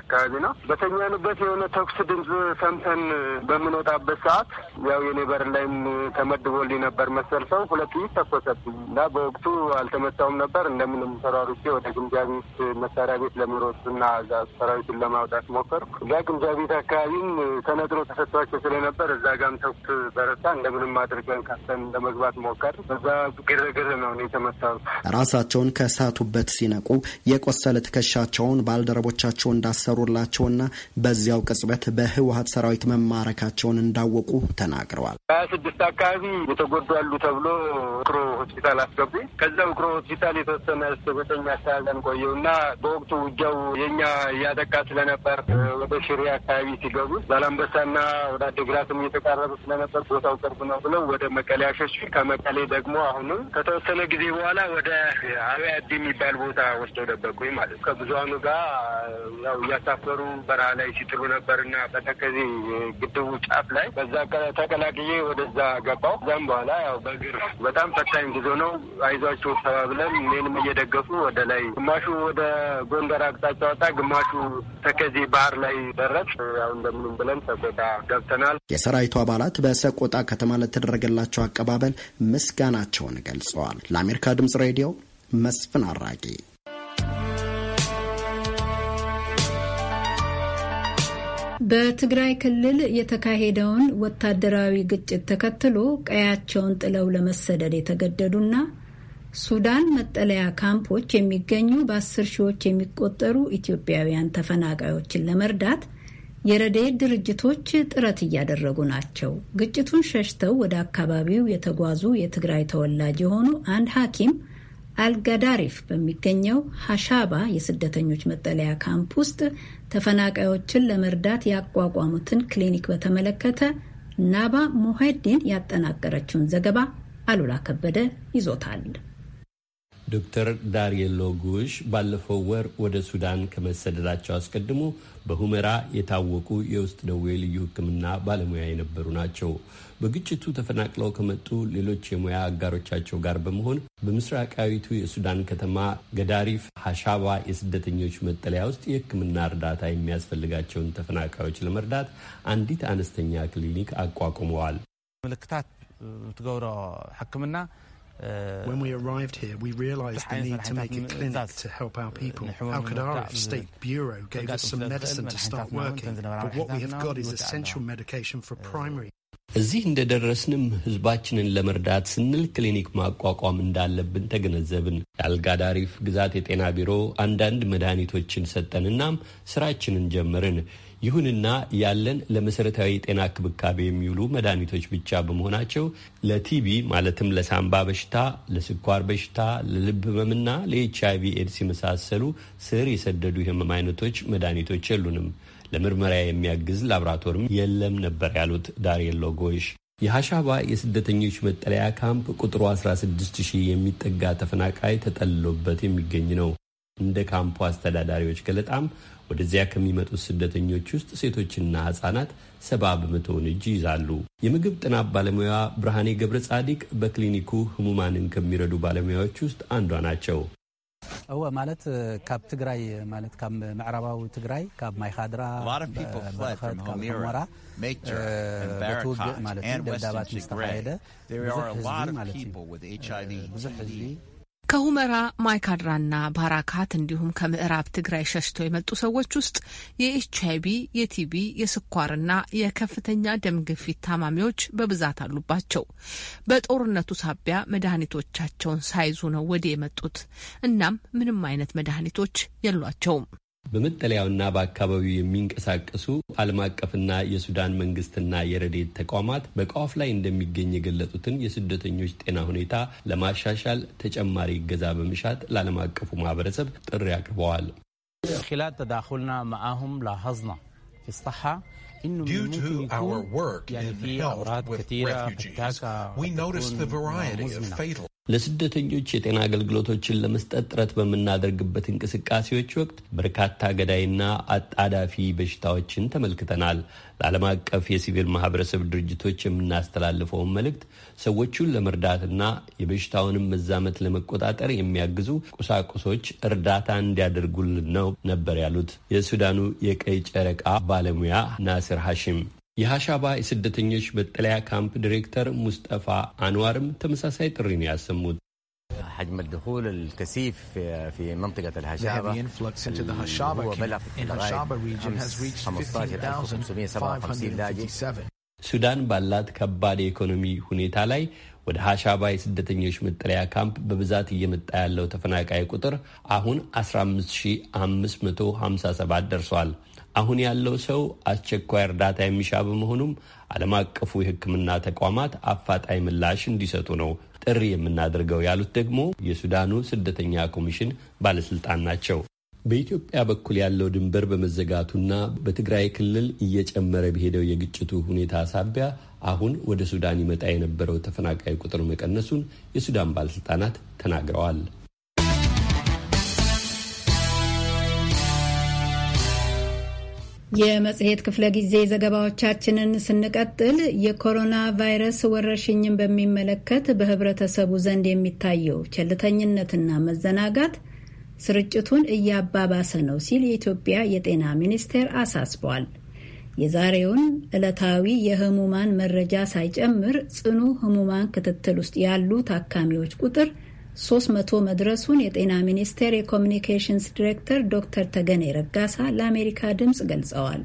አካባቢ ነው በተኛንበት የሆነ ተኩስ ድምፅ ሰምተን በምንወጣበት ሰዓት ያው የኔ በር ላይም ተመድቦልኝ ነበር መሰል ሰው ሁለቱ ተኮሰብኝ እና በወቅቱ አልተመታውም ነበር። እንደምንም ተሯሩቼ ወደ ግምጃ ቤት መሳሪያ ቤት ለመሮጥ እና እዛ ሰራዊቱን ለማውጣት ሞከርኩ። እዛ ግምጃ ቤት አካባቢም ተነጥሮ ተሰጥቷቸው ስለነበር እዛ ጋም ተኩስ በረታ። እንደምንም አድርገን ካሰን ለመግባት ሞከር። እዛ ግርግር ነው እኔ የተመታሁት። ራሳቸውን ከሳቱበት ሲነቁ የቆሰለ ትከሻቸውን ባልደረቦቻቸው እንዳሰሩላቸውና በዚያው ቅጽበት በህወሀት ሰራዊት መማረ መማረካቸውን እንዳወቁ ተናግረዋል። ሀያ ስድስት አካባቢ የተጎዱ አሉ ተብሎ ውቅሮ ሆስፒታል አስገቡ። ከዛ ውቅሮ ሆስፒታል የተወሰነ ስበተኛ አካባቢ ቆየው እና በወቅቱ ውጊያው የኛ እያጠቃ ስለነበር ወደ ሽሬ አካባቢ ሲገቡ ዛላንበሳና ወደ አዲግራትም እየተቃረቡ ስለነበር ቦታው ቅርብ ነው ብለው ወደ መቀሌ አሸሹ። ከመቀሌ ደግሞ አሁንም ከተወሰነ ጊዜ በኋላ ወደ አዲ የሚባል ቦታ ወስደው ደበቁኝ ማለት ነው። ከብዙሀኑ ጋር ያው እያሳፈሩ በረሃ ላይ ሲጥሉ ነበርና በተከዜ ግድቡ ጫፍ ላይ በዛ ተቀላቅዬ ወደዛ ገባው። ከዛም በኋላ ያው በእግር በጣም ፈታኝ ጉዞ ነው። አይዟችሁ ተባብለን እኔንም እየደገፉ ወደ ላይ ግማሹ ወደ ጎንደር አቅጣጫ ወጣ፣ ግማሹ ተከዜ ባህር ላይ ደረስ። ያው እንደምንም ብለን ሰቆጣ ገብተናል። የሰራዊቱ አባላት በሰቆጣ ከተማ ለተደረገላቸው አቀባበል ምስጋናቸውን ገልጸዋል። ለአሜሪካ ድምጽ ሬዲዮ መስፍን አራጌ በትግራይ ክልል የተካሄደውን ወታደራዊ ግጭት ተከትሎ ቀያቸውን ጥለው ለመሰደድ የተገደዱና ሱዳን መጠለያ ካምፖች የሚገኙ በአስር ሺዎች የሚቆጠሩ ኢትዮጵያውያን ተፈናቃዮችን ለመርዳት የረድኤት ድርጅቶች ጥረት እያደረጉ ናቸው። ግጭቱን ሸሽተው ወደ አካባቢው የተጓዙ የትግራይ ተወላጅ የሆኑ አንድ ሐኪም አልጋዳሪፍ በሚገኘው ሀሻባ የስደተኞች መጠለያ ካምፕ ውስጥ ተፈናቃዮችን ለመርዳት ያቋቋሙትን ክሊኒክ በተመለከተ ናባ ሙሀዲን ያጠናቀረችውን ዘገባ አሉላ ከበደ ይዞታል። ዶክተር ዳርየሎ ጉሽ ባለፈው ወር ወደ ሱዳን ከመሰደዳቸው አስቀድሞ በሁመራ የታወቁ የውስጥ ደዌ ልዩ ሕክምና ባለሙያ የነበሩ ናቸው። በግጭቱ ተፈናቅለው ከመጡ ሌሎች የሙያ አጋሮቻቸው ጋር በመሆን በምስራቃዊቱ የሱዳን ከተማ ገዳሪፍ ሀሻባ የስደተኞች መጠለያ ውስጥ የሕክምና እርዳታ የሚያስፈልጋቸውን ተፈናቃዮች ለመርዳት አንዲት አነስተኛ ክሊኒክ አቋቁመዋል። ምልክታት ትገብሮ ሕክምና Uh, when we arrived here, we realised the need to make a clinic to help our people. Al Qadarif State Bureau gave us some medicine to start working, but what we have got is essential medication for uh, primary. እዚህ እንደደረስንም ህዝባችንን ለመርዳት ስንል ክሊኒክ ማቋቋም እንዳለብን ተገነዘብን። የአልጋዳሪፍ ግዛት የጤና ቢሮ አንዳንድ መድኃኒቶችን ሰጠን። ስራችንን ጀመርን። ይሁንና ያለን ለመሰረታዊ የጤና ክብካቤ የሚውሉ መድኃኒቶች ብቻ በመሆናቸው ለቲቢ ማለትም ለሳምባ በሽታ፣ ለስኳር በሽታ፣ ለልብ ህመምና ለኤች አይ ቪ ኤድስ የመሳሰሉ ስር የሰደዱ የህመም አይነቶች መድኃኒቶች የሉንም። ለምርመራ የሚያግዝ ላብራቶርም የለም ነበር ያሉት ዳርየሎ ሎጎሽ የሀሻባ የስደተኞች መጠለያ ካምፕ ቁጥሩ 16 ሺህ የሚጠጋ ተፈናቃይ ተጠልሎበት የሚገኝ ነው። እንደ ካምፑ አስተዳዳሪዎች ገለጣም ወደዚያ ከሚመጡት ስደተኞች ውስጥ ሴቶችና ህጻናት ሰባ በመቶውን እጅ ይዛሉ። የምግብ ጥናት ባለሙያ ብርሃኔ ገብረ ጻዲቅ በክሊኒኩ ህሙማንን ከሚረዱ ባለሙያዎች ውስጥ አንዷ ናቸው። እወ ማለት ካብ ትግራይ ማለት ካብ ምዕራባዊ ትግራይ ካብ ማይካድራ በረኸት ካብ ሞራ በትውግእ ማለት ደብዳባት ምስ ብዙሕ ህዝቢ ማለት እዩ ብዙሕ ህዝቢ ከሁመራ ማይካድራና ባራካት እንዲሁም ከምዕራብ ትግራይ ሸሽተው የመጡ ሰዎች ውስጥ የኤች የቲቪ የቲቢ የስኳርና የከፍተኛ ደም ግፊት ታማሚዎች በብዛት አሉባቸው። በጦርነቱ ሳቢያ መድኃኒቶቻቸውን ሳይዙ ነው ወደ የመጡት። እናም ምንም አይነት መድኃኒቶች የሏቸውም። በመጠለያውና በአካባቢው የሚንቀሳቀሱ ዓለም አቀፍና የሱዳን መንግስትና የረዴት ተቋማት በቀዋፍ ላይ እንደሚገኝ የገለጡትን የስደተኞች ጤና ሁኔታ ለማሻሻል ተጨማሪ እገዛ በመሻት ለዓለም አቀፉ ማህበረሰብ ጥሪ አቅርበዋል። Due to our work in health with refugees, we noticed the variety of fatal ለስደተኞች የጤና አገልግሎቶችን ለመስጠት ጥረት በምናደርግበት እንቅስቃሴዎች ወቅት በርካታ ገዳይና አጣዳፊ በሽታዎችን ተመልክተናል። ለዓለም አቀፍ የሲቪል ማህበረሰብ ድርጅቶች የምናስተላልፈውን መልእክት ሰዎቹን ለመርዳትና የበሽታውንም መዛመት ለመቆጣጠር የሚያግዙ ቁሳቁሶች እርዳታ እንዲያደርጉልን ነው ነበር ያሉት የሱዳኑ የቀይ ጨረቃ ባለሙያ ናስር ሐሽም የሀሻባ የስደተኞች መጠለያ ካምፕ ዲሬክተር ሙስጠፋ አንዋርም ተመሳሳይ ጥሪ ነው ያሰሙት። حجم الدخول الكثيف في منطقة الهشابة هو بلغ لغاية 15557 لاجئ ሱዳን ባላት ከባድ የኢኮኖሚ ሁኔታ ላይ ወደ ሀሻባ የስደተኞች መጠለያ ካምፕ በብዛት እየመጣ ያለው ተፈናቃይ ቁጥር አሁን 15557 ደርሷል። አሁን ያለው ሰው አስቸኳይ እርዳታ የሚሻ በመሆኑም ዓለም አቀፉ የሕክምና ተቋማት አፋጣኝ ምላሽ እንዲሰጡ ነው ጥሪ የምናደርገው ያሉት ደግሞ የሱዳኑ ስደተኛ ኮሚሽን ባለስልጣን ናቸው። በኢትዮጵያ በኩል ያለው ድንበር በመዘጋቱና በትግራይ ክልል እየጨመረ በሄደው የግጭቱ ሁኔታ ሳቢያ አሁን ወደ ሱዳን ይመጣ የነበረው ተፈናቃይ ቁጥር መቀነሱን የሱዳን ባለስልጣናት ተናግረዋል። የመጽሔት ክፍለ ጊዜ ዘገባዎቻችንን ስንቀጥል የኮሮና ቫይረስ ወረርሽኝን በሚመለከት በህብረተሰቡ ዘንድ የሚታየው ቸልተኝነትና መዘናጋት ስርጭቱን እያባባሰ ነው ሲል የኢትዮጵያ የጤና ሚኒስቴር አሳስቧል። የዛሬውን ዕለታዊ የህሙማን መረጃ ሳይጨምር ጽኑ ህሙማን ክትትል ውስጥ ያሉ ታካሚዎች ቁጥር ሶስት መቶ መድረሱን የጤና ሚኒስቴር የኮሚኒኬሽንስ ዲሬክተር ዶክተር ተገኔ ረጋሳ ለአሜሪካ ድምፅ ገልጸዋል።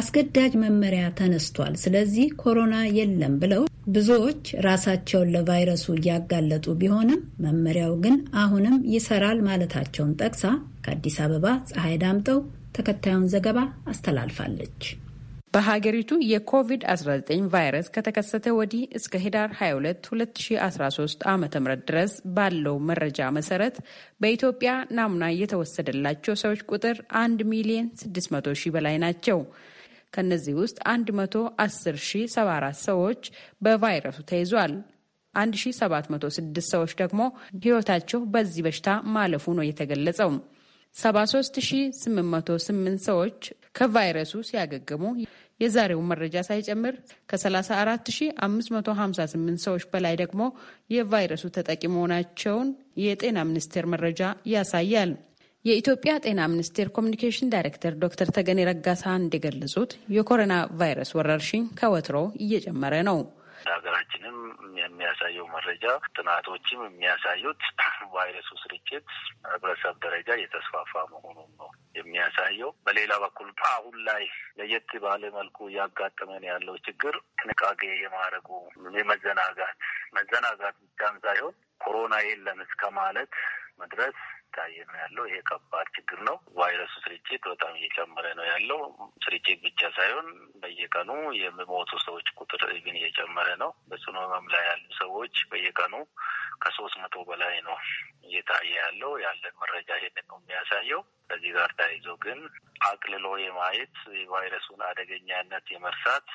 አስገዳጅ መመሪያ ተነስቷል፣ ስለዚህ ኮሮና የለም ብለው ብዙዎች ራሳቸውን ለቫይረሱ እያጋለጡ ቢሆንም መመሪያው ግን አሁንም ይሰራል ማለታቸውን ጠቅሳ ከአዲስ አበባ ፀሐይ ዳምጠው ተከታዩን ዘገባ አስተላልፋለች። በሀገሪቱ የኮቪድ-19 ቫይረስ ከተከሰተ ወዲህ እስከ ህዳር 22 2013 ዓ ም ድረስ ባለው መረጃ መሰረት በኢትዮጵያ ናሙና የተወሰደላቸው ሰዎች ቁጥር 1 ሚሊዮን 600 ሺህ በላይ ናቸው። ከነዚህ ውስጥ 110074 ሰዎች በቫይረሱ ተይዟል። 1706 ሰዎች ደግሞ ህይወታቸው በዚህ በሽታ ማለፉ ነው የተገለጸው። 73808 ሰዎች ከቫይረሱ ሲያገግሙ የዛሬውን መረጃ ሳይጨምር ከ34558 ሰዎች በላይ ደግሞ የቫይረሱ ተጠቂ መሆናቸውን የጤና ሚኒስቴር መረጃ ያሳያል። የኢትዮጵያ ጤና ሚኒስቴር ኮሚኒኬሽን ዳይሬክተር ዶክተር ተገኔ ረጋሳ እንደገለጹት የኮሮና ቫይረስ ወረርሽኝ ከወትሮ እየጨመረ ነው። ሀገራችንም የሚያሳየው መረጃ ጥናቶችም የሚያሳዩት <clears throat> ቫይረሱ ስርጭት ህብረተሰብ ደረጃ የተስፋፋ መሆኑን ነው የሚያሳየው። በሌላ በኩል አሁን ላይ ለየት ባለ መልኩ እያጋጠመን ያለው ችግር ጥንቃቄ የማድረጉ የመዘናጋት መዘናጋት ብቻም ሳይሆን ኮሮና የለም እስከ ማለት መድረስ እየታየ ነው ያለው። ይሄ ከባድ ችግር ነው። ቫይረሱ ስርጭት በጣም እየጨመረ ነው ያለው። ስርጭት ብቻ ሳይሆን በየቀኑ የሚሞቱ ሰዎች ቁጥር ግን እየጨመረ ነው። በጽኑ ህመም ላይ ያሉ ሰዎች በየቀኑ ከሶስት መቶ በላይ ነው እየታየ ያለው። ያለን መረጃ ይህንን ነው የሚያሳየው። ከዚህ ጋር ተያይዞ ግን አቅልሎ የማየት የቫይረሱን አደገኛነት የመርሳት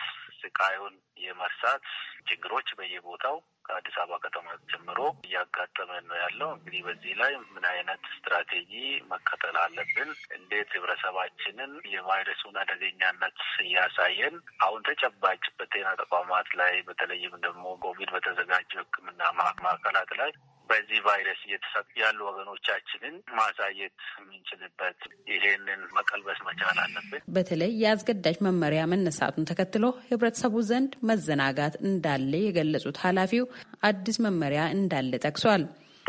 ስቃዩን የመርሳት ችግሮች በየቦታው ከአዲስ አበባ ከተማ ጀምሮ እያጋጠመን ነው ያለው። እንግዲህ በዚህ ላይ ምን አይነት ስትራቴጂ መከተል አለብን? እንዴት ህብረተሰባችንን የቫይረሱን አደገኛነት እያሳየን አሁን ተጨባጭ በጤና ተቋማት ላይ በተለይም ደግሞ ኮቪድ በተዘጋጀ ሕክምና ማዕከላት ላይ በዚህ ቫይረስ እየተሰጡ ያሉ ወገኖቻችንን ማሳየት የምንችልበት ይሄንን መቀልበስ መቻል አለብን። በተለይ የአስገዳጅ መመሪያ መነሳቱን ተከትሎ ህብረተሰቡ ዘንድ መዘናጋት እንዳለ የገለጹት ኃላፊው አዲስ መመሪያ እንዳለ ጠቅሷል።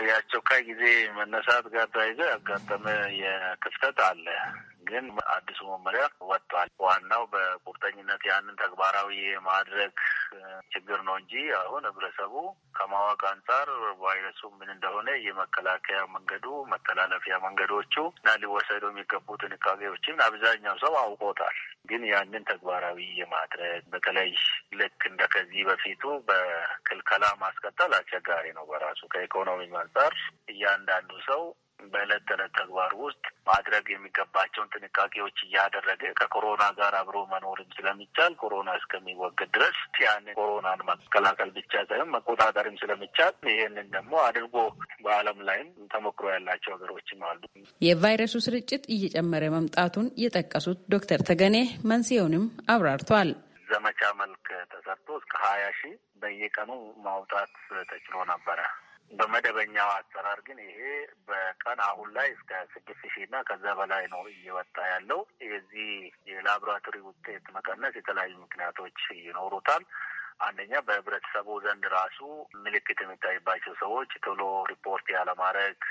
የአስቸኳይ ጊዜ መነሳት ጋር ተያይዞ ያጋጠመ የክፍተት አለ። ግን አዲሱ መመሪያ ወጥቷል። ዋናው በቁርጠኝነት ያንን ተግባራዊ የማድረግ ችግር ነው እንጂ አሁን ህብረተሰቡ ከማወቅ አንጻር ቫይረሱ ምን እንደሆነ የመከላከያ መንገዱ፣ መተላለፊያ መንገዶቹ እና ሊወሰዱ የሚገቡ ጥንቃቄዎችን አብዛኛው ሰው አውቆታል። ግን ያንን ተግባራዊ የማድረግ በተለይ ልክ እንደ ከዚህ በፊቱ በክልከላ ማስቀጠል አስቸጋሪ ነው። በራሱ ከኢኮኖሚ አንጻር እያንዳንዱ ሰው በዕለት ተዕለት ተግባር ውስጥ ማድረግ የሚገባቸውን ጥንቃቄዎች እያደረገ ከኮሮና ጋር አብሮ መኖርም ስለሚቻል ኮሮና እስከሚወገድ ድረስ ያን ኮሮናን መከላከል ብቻ ሳይሆን መቆጣጠርም ስለሚቻል ይህንን ደግሞ አድርጎ በዓለም ላይም ተሞክሮ ያላቸው ሀገሮችም አሉ። የቫይረሱ ስርጭት እየጨመረ መምጣቱን የጠቀሱት ዶክተር ተገኔ መንስኤውንም አብራርቷል። ዘመቻ መልክ ተሰርቶ እስከ ሀያ ሺህ በየቀኑ ማውጣት ተችሎ ነበረ። በመደበኛው አሰራር ግን ይሄ በቀን አሁን ላይ እስከ ስድስት ሺህ እና ከዛ በላይ ነው እየወጣ ያለው። የዚህ የላቦራቶሪ ውጤት መቀነስ የተለያዩ ምክንያቶች ይኖሩታል። አንደኛ በህብረተሰቡ ዘንድ ራሱ ምልክት የሚታይባቸው ሰዎች ቶሎ ሪፖርት ያለማድረግ፣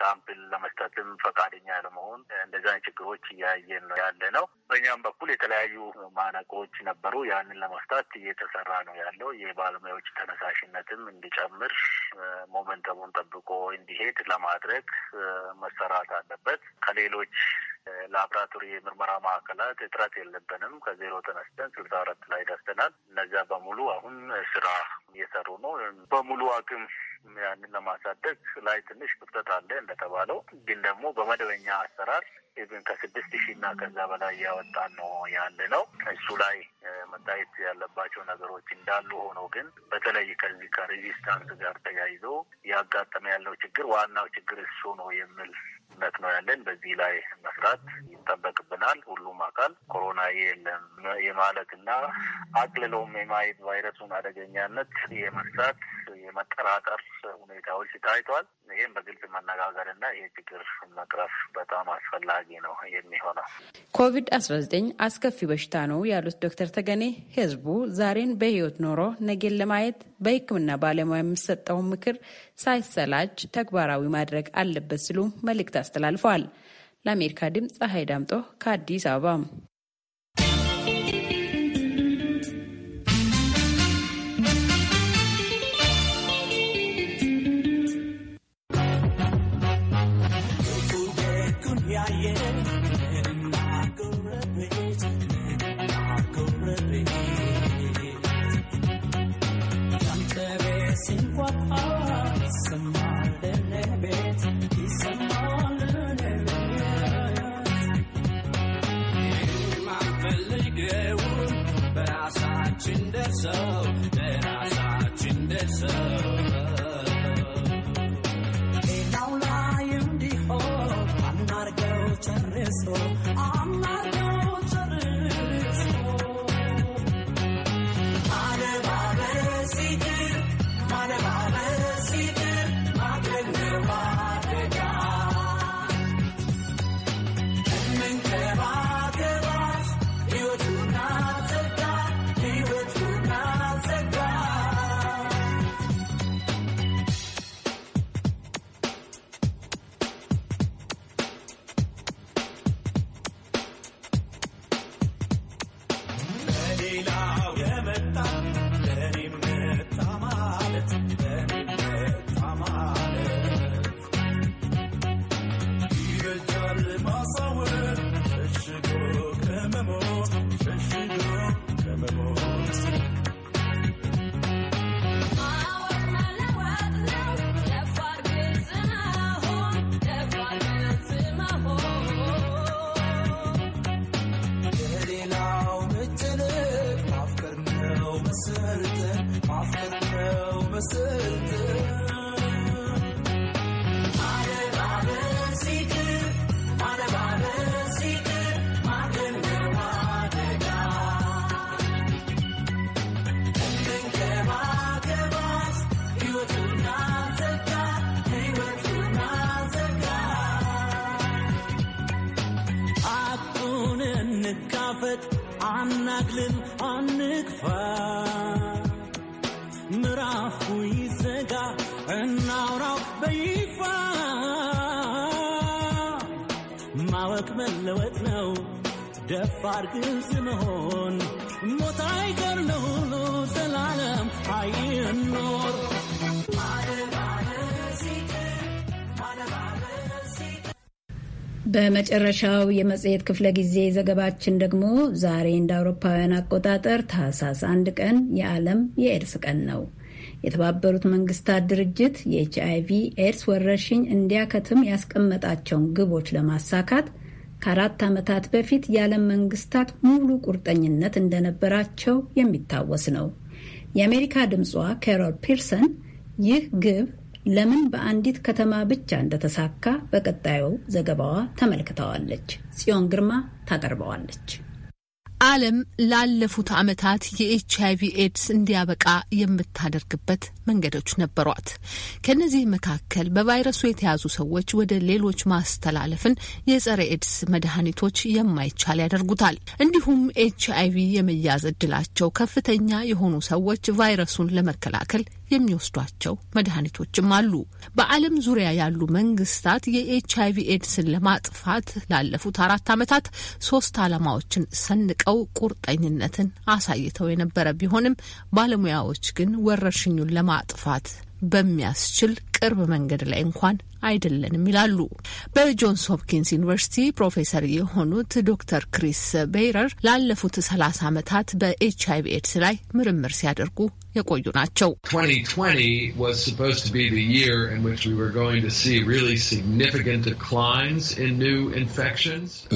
ሳምፕል ለመስጠትም ፈቃደኛ ያለመሆን እንደዛ ችግሮች እያየን ነው ያለ ነው። በእኛም በኩል የተለያዩ ማነቆች ነበሩ። ያንን ለመፍታት እየተሰራ ነው ያለው። የባለሙያዎች ተነሳሽነትም እንዲጨምር ሞመንተሙን ጠብቆ እንዲሄድ ለማድረግ መሰራት አለበት ከሌሎች ላብራቶሪ የምርመራ ማዕከላት እጥረት የለብንም። ከዜሮ ተነስተን ስልሳ አራት ላይ ደርሰናል። እነዚያ በሙሉ አሁን ስራ እየሰሩ ነው። በሙሉ አቅም ያንን ለማሳደግ ላይ ትንሽ ክፍተት አለ እንደተባለው። ግን ደግሞ በመደበኛ አሰራር ኢቭን ከስድስት ሺህ እና ከዛ በላይ ያወጣን ነው ያለ ነው። እሱ ላይ መታየት ያለባቸው ነገሮች እንዳሉ ሆኖ ግን በተለይ ከዚህ ከሬዚስታንስ ጋር ተያይዞ ያጋጠመ ያለው ችግር ዋናው ችግር እሱ ነው የሚል እምነት ነው ያለን። በዚህ ላይ መስራት ይጠበቅብናል። ሁሉም አካል ኮሮና የለም የማለትና አቅልሎም የማየት ቫይረሱን አደገኛነት የመስራት የመጠራጠር ሁኔታዎች ታይቷል። ይህም በግልጽ መነጋገርና ይህ ችግር መቅረፍ በጣም አስፈላጊ ነው የሚሆነው። ኮቪድ አስራ ዘጠኝ አስከፊ በሽታ ነው ያሉት ዶክተር ተገኔ ህዝቡ ዛሬን በህይወት ኖሮ ነገን ለማየት በህክምና ባለሙያ የሚሰጠውን ምክር ሳይሰላች ተግባራዊ ማድረግ አለበት ሲሉ መልእክት አስተላልፈዋል። ለአሜሪካ ድምፅ ፀሐይ ዳምጦ ከአዲስ አበባ አናግልን አንግፋ ምዕራፉ ይዘጋ እናውራው በይፋ ማወቅ መለወጥ ነው ደፋር ግልጽ መሆን ሞታይ በመጨረሻው የመጽሔት ክፍለ ጊዜ ዘገባችን ደግሞ ዛሬ እንደ አውሮፓውያን አቆጣጠር ታህሳስ አንድ ቀን የዓለም የኤድስ ቀን ነው። የተባበሩት መንግስታት ድርጅት የኤች አይቪ ኤድስ ወረርሽኝ እንዲያከትም ያስቀመጣቸውን ግቦች ለማሳካት ከአራት ዓመታት በፊት የዓለም መንግስታት ሙሉ ቁርጠኝነት እንደነበራቸው የሚታወስ ነው። የአሜሪካ ድምጿ ኬሮል ፒርሰን ይህ ግብ ለምን በአንዲት ከተማ ብቻ እንደተሳካ በቀጣዩ ዘገባዋ ተመልክተዋለች። ጽዮን ግርማ ታቀርበዋለች። ዓለም ላለፉት ዓመታት የኤች አይቪ ኤድስ እንዲያበቃ የምታደርግበት መንገዶች ነበሯት። ከነዚህ መካከል በቫይረሱ የተያዙ ሰዎች ወደ ሌሎች ማስተላለፍን የጸረ ኤድስ መድኃኒቶች የማይቻል ያደርጉታል። እንዲሁም ኤች አይቪ የመያዝ እድላቸው ከፍተኛ የሆኑ ሰዎች ቫይረሱን ለመከላከል የሚወስዷቸው መድኃኒቶችም አሉ። በዓለም ዙሪያ ያሉ መንግስታት የኤች አይቪ ኤድስን ለማጥፋት ላለፉት አራት ዓመታት ሶስት ዓላማዎችን ሰንቀው ቁርጠኝነትን አሳይተው የነበረ ቢሆንም ባለሙያዎች ግን ወረርሽኙን ለማጥፋት በሚያስችል ቅርብ መንገድ ላይ እንኳን አይደለንም ይላሉ። በጆንስ ሆፕኪንስ ዩኒቨርሲቲ ፕሮፌሰር የሆኑት ዶክተር ክሪስ ቤይረር ላለፉት ሰላሳ ዓመታት በኤች አይቪ ኤድስ ላይ ምርምር ሲያደርጉ የቆዩ ናቸው።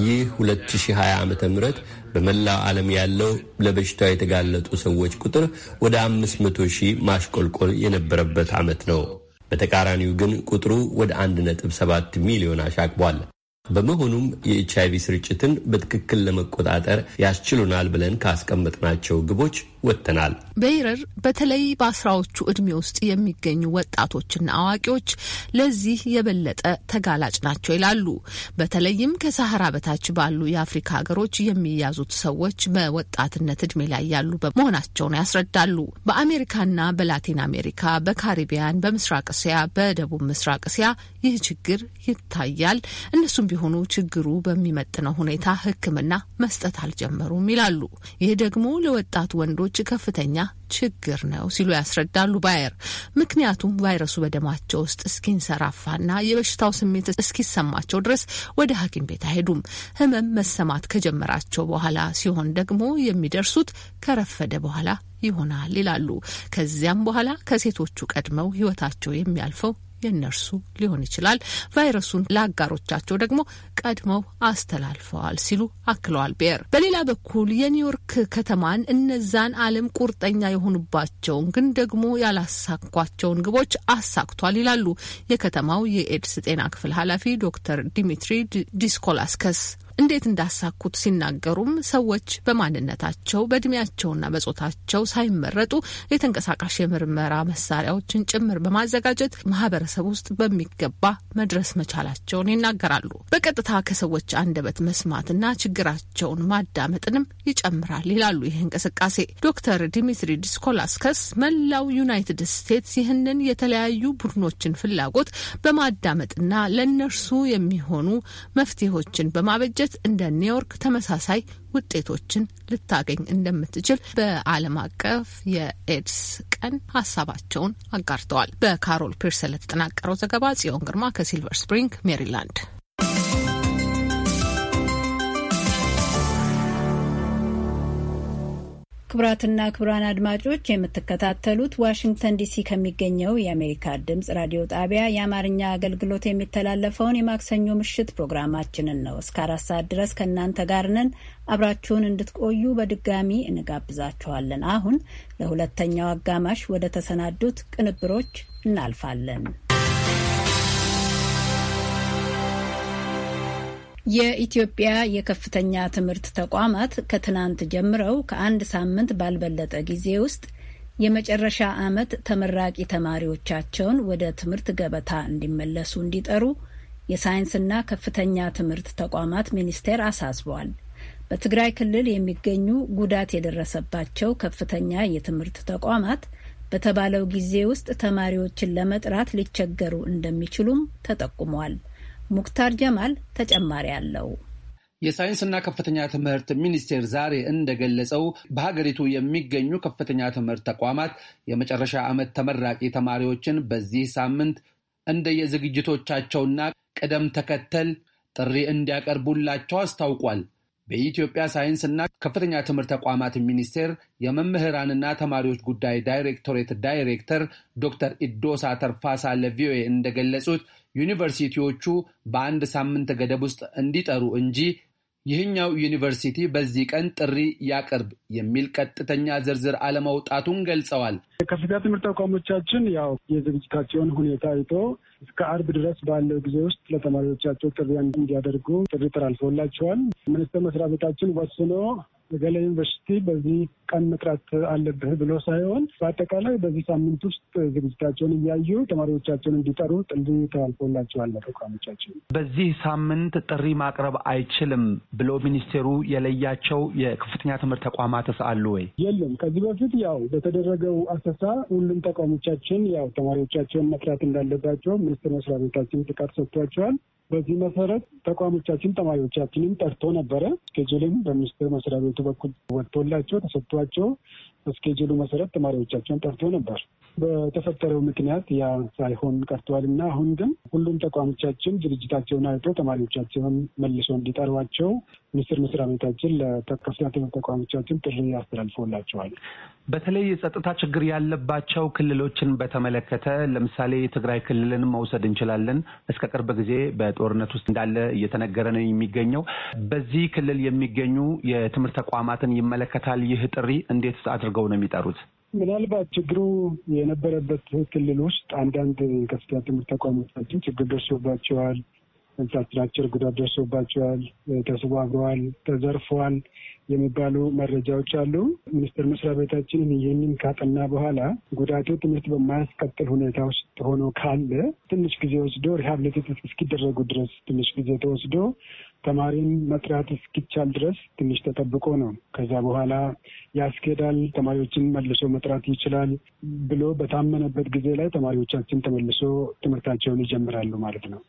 ይህ 2020 ዓመተ ምህረት በመላው ዓለም ያለው ለበሽታው የተጋለጡ ሰዎች ቁጥር ወደ 500 ሺህ ማሽቆልቆል የነበረበት ዓመት ነው። በተቃራኒው ግን ቁጥሩ ወደ 1.7 ሚሊዮን አሻቅቧል። በመሆኑም የኤች አይቪ ስርጭትን በትክክል ለመቆጣጠር ያስችሉናል ብለን ካስቀመጥናቸው ግቦች ወጥተናል። በይረር በተለይ በአስራዎቹ እድሜ ውስጥ የሚገኙ ወጣቶችና አዋቂዎች ለዚህ የበለጠ ተጋላጭ ናቸው ይላሉ። በተለይም ከሳህራ በታች ባሉ የአፍሪካ ሀገሮች የሚያዙት ሰዎች በወጣትነት እድሜ ላይ ያሉ መሆናቸውን ያስረዳሉ። በአሜሪካና በላቲን አሜሪካ፣ በካሪቢያን፣ በምስራቅ እስያ፣ በደቡብ ምስራቅ እስያ ይህ ችግር ይታያል። እነሱም ቢሆኑ ችግሩ በሚመጥነው ሁኔታ ሕክምና መስጠት አልጀመሩም ይላሉ። ይህ ደግሞ ለወጣት ወንዶች ሰዎች ከፍተኛ ችግር ነው ሲሉ ያስረዳሉ ባየር። ምክንያቱም ቫይረሱ በደማቸው ውስጥ እስኪንሰራፋና የበሽታው ስሜት እስኪሰማቸው ድረስ ወደ ሐኪም ቤት አይሄዱም። ህመም መሰማት ከጀመራቸው በኋላ ሲሆን ደግሞ የሚደርሱት ከረፈደ በኋላ ይሆናል ይላሉ። ከዚያም በኋላ ከሴቶቹ ቀድመው ህይወታቸው የሚያልፈው የነርሱ ሊሆን ይችላል፣ ቫይረሱን ለአጋሮቻቸው ደግሞ ቀድመው አስተላልፈዋል ሲሉ አክለዋል። ብሔር በሌላ በኩል የኒውዮርክ ከተማን እነዛን ዓለም ቁርጠኛ የሆኑባቸውን ግን ደግሞ ያላሳኳቸውን ግቦች አሳክቷል ይላሉ የከተማው የኤድስ ጤና ክፍል ኃላፊ ዶክተር ዲሚትሪ ዲስኮላስከስ እንዴት እንዳሳኩት ሲናገሩም ሰዎች በማንነታቸው በእድሜያቸውና በጾታቸው ሳይመረጡ የተንቀሳቃሽ የምርመራ መሳሪያዎችን ጭምር በማዘጋጀት ማህበረሰብ ውስጥ በሚገባ መድረስ መቻላቸውን ይናገራሉ። በቀጥታ ከሰዎች አንደበት መስማትና ችግራቸውን ማዳመጥንም ይጨምራል ይላሉ። ይህ እንቅስቃሴ ዶክተር ዲሚትሪ ዲስኮላስከስ መላው ዩናይትድ ስቴትስ ይህንን የተለያዩ ቡድኖችን ፍላጎት በማዳመጥና ለእነርሱ የሚሆኑ መፍትሄዎችን በማበጀት ድርጅት እንደ ኒውዮርክ ተመሳሳይ ውጤቶችን ልታገኝ እንደምትችል በዓለም አቀፍ የኤድስ ቀን ሀሳባቸውን አጋርተዋል። በካሮል ፒርስ ለተጠናቀረው ዘገባ ጽዮን ግርማ ከሲልቨር ስፕሪንግ ሜሪላንድ ክቡራትና ክቡራን አድማጮች የምትከታተሉት ዋሽንግተን ዲሲ ከሚገኘው የአሜሪካ ድምፅ ራዲዮ ጣቢያ የአማርኛ አገልግሎት የሚተላለፈውን የማክሰኞ ምሽት ፕሮግራማችንን ነው። እስከ አራት ሰዓት ድረስ ከእናንተ ጋር ነን። አብራችሁን እንድትቆዩ በድጋሚ እንጋብዛችኋለን። አሁን ለሁለተኛው አጋማሽ ወደ ተሰናዱት ቅንብሮች እናልፋለን። የኢትዮጵያ የከፍተኛ ትምህርት ተቋማት ከትናንት ጀምረው ከአንድ ሳምንት ባልበለጠ ጊዜ ውስጥ የመጨረሻ ዓመት ተመራቂ ተማሪዎቻቸውን ወደ ትምህርት ገበታ እንዲመለሱ እንዲጠሩ የሳይንስና ከፍተኛ ትምህርት ተቋማት ሚኒስቴር አሳስበዋል። በትግራይ ክልል የሚገኙ ጉዳት የደረሰባቸው ከፍተኛ የትምህርት ተቋማት በተባለው ጊዜ ውስጥ ተማሪዎችን ለመጥራት ሊቸገሩ እንደሚችሉም ተጠቁሟል። ሙክታር ጀማል ተጨማሪ አለው። የሳይንስና ከፍተኛ ትምህርት ሚኒስቴር ዛሬ እንደገለጸው በሀገሪቱ የሚገኙ ከፍተኛ ትምህርት ተቋማት የመጨረሻ ዓመት ተመራቂ ተማሪዎችን በዚህ ሳምንት እንደየዝግጅቶቻቸውና ቅደም ተከተል ጥሪ እንዲያቀርቡላቸው አስታውቋል። በኢትዮጵያ ሳይንስና ከፍተኛ ትምህርት ተቋማት ሚኒስቴር የመምህራንና ተማሪዎች ጉዳይ ዳይሬክቶሬት ዳይሬክተር ዶክተር ኢዶሳ ተርፋሳ ለቪኦኤ እንደገለጹት ዩኒቨርሲቲዎቹ በአንድ ሳምንት ገደብ ውስጥ እንዲጠሩ እንጂ ይህኛው ዩኒቨርሲቲ በዚህ ቀን ጥሪ ያቅርብ የሚል ቀጥተኛ ዝርዝር አለመውጣቱን ገልጸዋል። ከፍተኛ ትምህርት ተቋሞቻችን ያው የዝግጅታቸውን ሁኔታ አይቶ እስከ አርብ ድረስ ባለው ጊዜ ውስጥ ለተማሪዎቻቸው ጥሪ እንዲያደርጉ ጥሪ ተላልፎላቸዋል። ሚኒስቴር መስሪያ ቤታችን ወስኖ መቀሌ ዩኒቨርሲቲ በዚህ ቀን መጥራት አለብህ ብሎ ሳይሆን በአጠቃላይ በዚህ ሳምንት ውስጥ ዝግጅታቸውን እያዩ ተማሪዎቻቸውን እንዲጠሩ ጥሪ ተላልፎላቸዋል። ተቋሞቻቸው በዚህ ሳምንት ጥሪ ማቅረብ አይችልም ብሎ ሚኒስቴሩ የለያቸው የከፍተኛ ትምህርት ተቋማትስ አሉ ወይ? የለም። ከዚህ በፊት ያው በተደረገው አሰሳ ሁሉም ተቋሞቻችን ያው ተማሪዎቻቸውን መጥራት እንዳለባቸው ሚኒስቴር መስሪያ ቤታችን ፍቃድ ሰጥቷቸዋል። በዚህ መሰረት ተቋሞቻችን ተማሪዎቻችንን ጠርቶ ነበረ። ስኬጁልም በሚኒስቴር መስሪያ ቤቱ በኩል ወጥቶላቸው ተሰጥቷቸው እስኬጅሉ መሰረት ተማሪዎቻቸውን ጠርቶ ነበር። በተፈጠረው ምክንያት ያ ሳይሆን ቀርቷል እና አሁን ግን ሁሉም ተቋሞቻችን ድርጅታቸውን አይቶ ተማሪዎቻቸውን መልሶ እንዲጠሯቸው ሚኒስቴር መስሪያ ቤታችን ለከፍተኛ ትምህርት ተቋሞቻችን ጥሪ አስተላልፎላቸዋል። በተለይ የጸጥታ ችግር ያለባቸው ክልሎችን በተመለከተ ለምሳሌ የትግራይ ክልልን መውሰድ እንችላለን። እስከ ቅርብ ጊዜ በጦርነት ውስጥ እንዳለ እየተነገረ ነው የሚገኘው። በዚህ ክልል የሚገኙ የትምህርት ተቋማትን ይመለከታል ይህ ጥሪ እንዴት አድርገ አድርገው ነው የሚጠሩት። ምናልባት ችግሩ የነበረበት ክልል ውስጥ አንዳንድ ከፍተኛ ትምህርት ተቋሞቻችን ችግር ደርሶባቸዋል፣ ኢንፍራስትራክቸር ጉዳት ደርሶባቸዋል፣ ተሰባብረዋል፣ ተዘርፈዋል የሚባሉ መረጃዎች አሉ። ሚኒስቴር መስሪያ ቤታችን ይህንን ካጠና በኋላ ጉዳቱ ትምህርት በማያስቀጥል ሁኔታ ውስጥ ሆኖ ካለ ትንሽ ጊዜ ወስዶ ሪሃብሊቴት እስኪደረጉ ድረስ ትንሽ ጊዜ ተወስዶ ተማሪን መጥራት እስኪቻል ድረስ ትንሽ ተጠብቆ ነው። ከዛ በኋላ ያስኬዳል፣ ተማሪዎችን መልሶ መጥራት ይችላል ብሎ በታመነበት ጊዜ ላይ ተማሪዎቻችን ተመልሶ ትምህርታቸውን ይጀምራሉ ማለት ነው።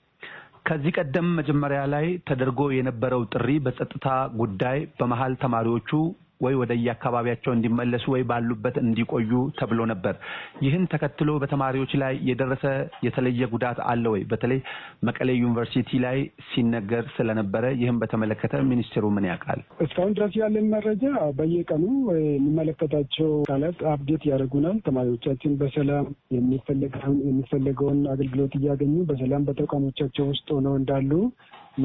ከዚህ ቀደም መጀመሪያ ላይ ተደርጎ የነበረው ጥሪ በጸጥታ ጉዳይ በመሀል ተማሪዎቹ ወይ ወደ የአካባቢያቸው እንዲመለሱ ወይ ባሉበት እንዲቆዩ ተብሎ ነበር። ይህን ተከትሎ በተማሪዎች ላይ የደረሰ የተለየ ጉዳት አለ ወይ? በተለይ መቀሌ ዩኒቨርሲቲ ላይ ሲነገር ስለነበረ ይህም በተመለከተ ሚኒስትሩ ምን ያውቃል? እስካሁን ድረስ ያለን መረጃ በየቀኑ የሚመለከታቸው ቃላት አፕዴት ያደርጉናል። ተማሪዎቻችን በሰላም የሚፈለገውን አገልግሎት እያገኙ በሰላም በተቋሞቻቸው ውስጥ ሆነው እንዳሉ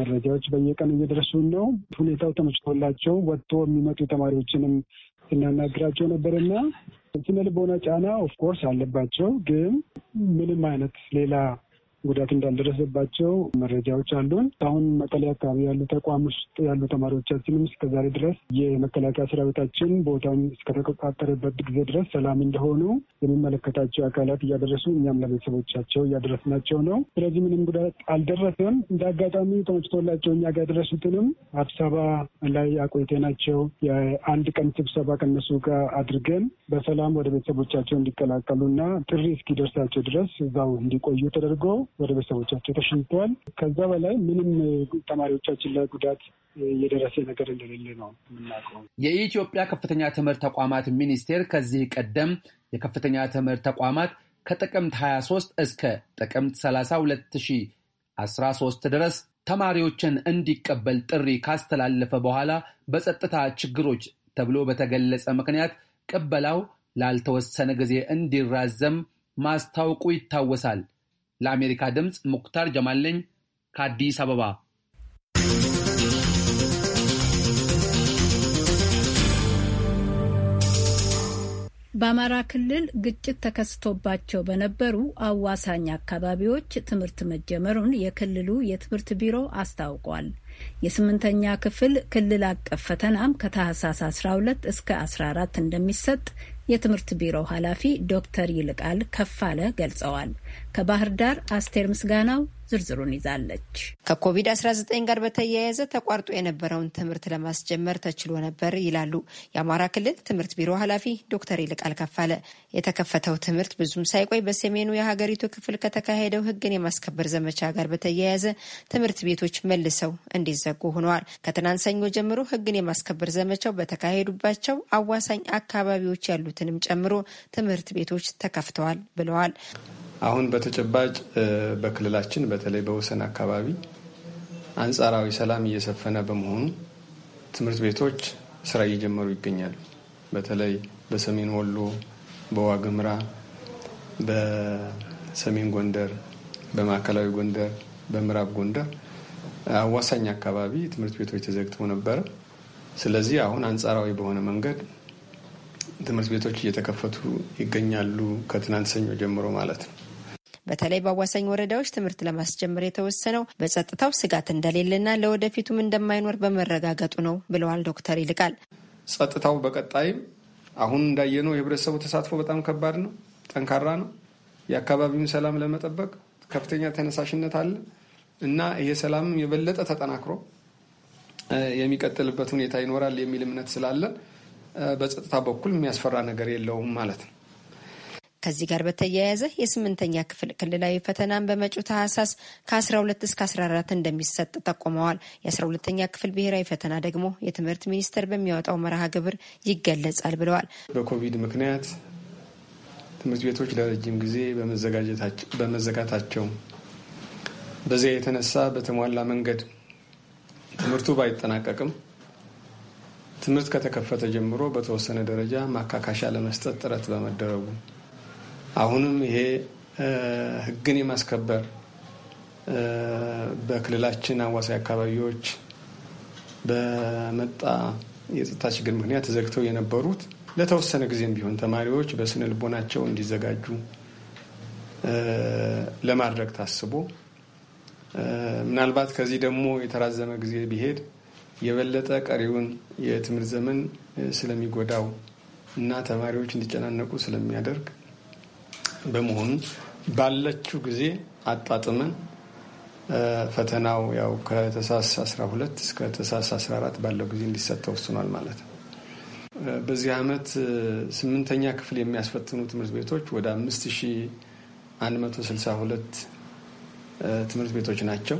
መረጃዎች በየቀን እየደረሱን ነው። ሁኔታው ተመችቶላቸው ወጥቶ የሚመጡ ተማሪዎችንም ስናናግራቸው ነበር እና ጫና ኦፍኮርስ አለባቸው፣ ግን ምንም አይነት ሌላ ጉዳት እንዳልደረሰባቸው መረጃዎች አሉን። አሁን መቀሌ አካባቢ ያሉ ተቋም ውስጥ ያሉ ተማሪዎቻችንም እስከዛሬ ድረስ የመከላከያ ሰራዊታችን ቦታውን እስከተቆጣጠረበት ጊዜ ድረስ ሰላም እንደሆኑ የሚመለከታቸው አካላት እያደረሱ እኛም ለቤተሰቦቻቸው እያደረስናቸው ነው። ስለዚህ ምንም ጉዳት አልደረሰም። እንደ አጋጣሚ ተመችቶላቸው እኛ ጋር ያደረሱትንም አዲስ አበባ ላይ ናቸው የአንድ ቀን ስብሰባ ከነሱ ጋር አድርገን በሰላም ወደ ቤተሰቦቻቸው እንዲቀላቀሉና ጥሪ እስኪደርሳቸው ድረስ እዛው እንዲቆዩ ተደርጎ ወደ ቤተሰቦቻቸው ተሸኝተዋል። ከዛ በላይ ምንም ተማሪዎቻችን ላይ ጉዳት የደረሰ ነገር እንደሌለ ነው የምናውቀው። የኢትዮጵያ ከፍተኛ ትምህርት ተቋማት ሚኒስቴር ከዚህ ቀደም የከፍተኛ ትምህርት ተቋማት ከጥቅምት 23 እስከ ጥቅምት 30 2013 ድረስ ተማሪዎችን እንዲቀበል ጥሪ ካስተላለፈ በኋላ በጸጥታ ችግሮች ተብሎ በተገለጸ ምክንያት ቅበላው ላልተወሰነ ጊዜ እንዲራዘም ማስታወቁ ይታወሳል። ለአሜሪካ ድምፅ ሙክታር ጀማል ነኝ ከአዲስ አበባ። በአማራ ክልል ግጭት ተከስቶባቸው በነበሩ አዋሳኝ አካባቢዎች ትምህርት መጀመሩን የክልሉ የትምህርት ቢሮ አስታውቋል። የስምንተኛ ክፍል ክልል አቀፍ ፈተናም ከታህሳስ 12 እስከ 14 እንደሚሰጥ የትምህርት ቢሮ ኃላፊ ዶክተር ይልቃል ከፋለ ገልጸዋል። ከባህር ዳር አስቴር ምስጋናው ዝርዝሩን ይዛለች። ከኮቪድ-19 ጋር በተያያዘ ተቋርጦ የነበረውን ትምህርት ለማስጀመር ተችሎ ነበር ይላሉ የአማራ ክልል ትምህርት ቢሮ ኃላፊ ዶክተር ይልቃል ከፋለ። የተከፈተው ትምህርት ብዙም ሳይቆይ በሰሜኑ የሀገሪቱ ክፍል ከተካሄደው ህግን የማስከበር ዘመቻ ጋር በተያያዘ ትምህርት ቤቶች መልሰው እንዲዘጉ ሆነዋል። ከትናንት ሰኞ ጀምሮ ህግን የማስከበር ዘመቻው በተካሄዱባቸው አዋሳኝ አካባቢዎች ያሉትንም ጨምሮ ትምህርት ቤቶች ተከፍተዋል ብለዋል። አሁን በተጨባጭ በክልላችን በተለይ በወሰን አካባቢ አንጻራዊ ሰላም እየሰፈነ በመሆኑ ትምህርት ቤቶች ስራ እየጀመሩ ይገኛሉ። በተለይ በሰሜን ወሎ፣ በዋግምራ፣ በሰሜን ጎንደር፣ በማዕከላዊ ጎንደር፣ በምዕራብ ጎንደር አዋሳኝ አካባቢ ትምህርት ቤቶች ተዘግተው ነበረ። ስለዚህ አሁን አንጻራዊ በሆነ መንገድ ትምህርት ቤቶች እየተከፈቱ ይገኛሉ ከትናንት ሰኞ ጀምሮ ማለት ነው። በተለይ በአዋሳኝ ወረዳዎች ትምህርት ለማስጀመር የተወሰነው በጸጥታው ስጋት እንደሌለና ለወደፊቱም እንደማይኖር በመረጋገጡ ነው ብለዋል ዶክተር ይልቃል። ጸጥታው በቀጣይም አሁን እንዳየነው የህብረተሰቡ ተሳትፎ በጣም ከባድ ነው፣ ጠንካራ ነው። የአካባቢውን ሰላም ለመጠበቅ ከፍተኛ ተነሳሽነት አለ እና ይሄ ሰላምም የበለጠ ተጠናክሮ የሚቀጥልበት ሁኔታ ይኖራል የሚል እምነት ስላለን በጸጥታ በኩል የሚያስፈራ ነገር የለውም ማለት ነው። ከዚህ ጋር በተያያዘ የስምንተኛ ክፍል ክልላዊ ፈተናን በመጪው ታህሳስ ከ12 እስከ 14 እንደሚሰጥ ጠቁመዋል። የ12ተኛ ክፍል ብሔራዊ ፈተና ደግሞ የትምህርት ሚኒስቴር በሚያወጣው መርሃ ግብር ይገለጻል ብለዋል። በኮቪድ ምክንያት ትምህርት ቤቶች ለረጅም ጊዜ በመዘጋታቸው በዚያ የተነሳ በተሟላ መንገድ ትምህርቱ ባይጠናቀቅም ትምህርት ከተከፈተ ጀምሮ በተወሰነ ደረጃ ማካካሻ ለመስጠት ጥረት በመደረጉ አሁንም ይሄ ህግን የማስከበር በክልላችን አዋሳኝ አካባቢዎች በመጣ የጸጥታ ችግር ምክንያት ተዘግተው የነበሩት ለተወሰነ ጊዜም ቢሆን ተማሪዎች በስነ ልቦናቸው እንዲዘጋጁ ለማድረግ ታስቦ ምናልባት ከዚህ ደግሞ የተራዘመ ጊዜ ቢሄድ የበለጠ ቀሪውን የትምህርት ዘመን ስለሚጎዳው እና ተማሪዎች እንዲጨናነቁ ስለሚያደርግ በመሆኑ ባለችው ጊዜ አጣጥመን ፈተናው ያው ከተሳስ 12 እስከ ተሳስ 14 ባለው ጊዜ እንዲሰጥ ተወስኗል ማለት ነው። በዚህ ዓመት ስምንተኛ ክፍል የሚያስፈትኑ ትምህርት ቤቶች ወደ 5162 ትምህርት ቤቶች ናቸው።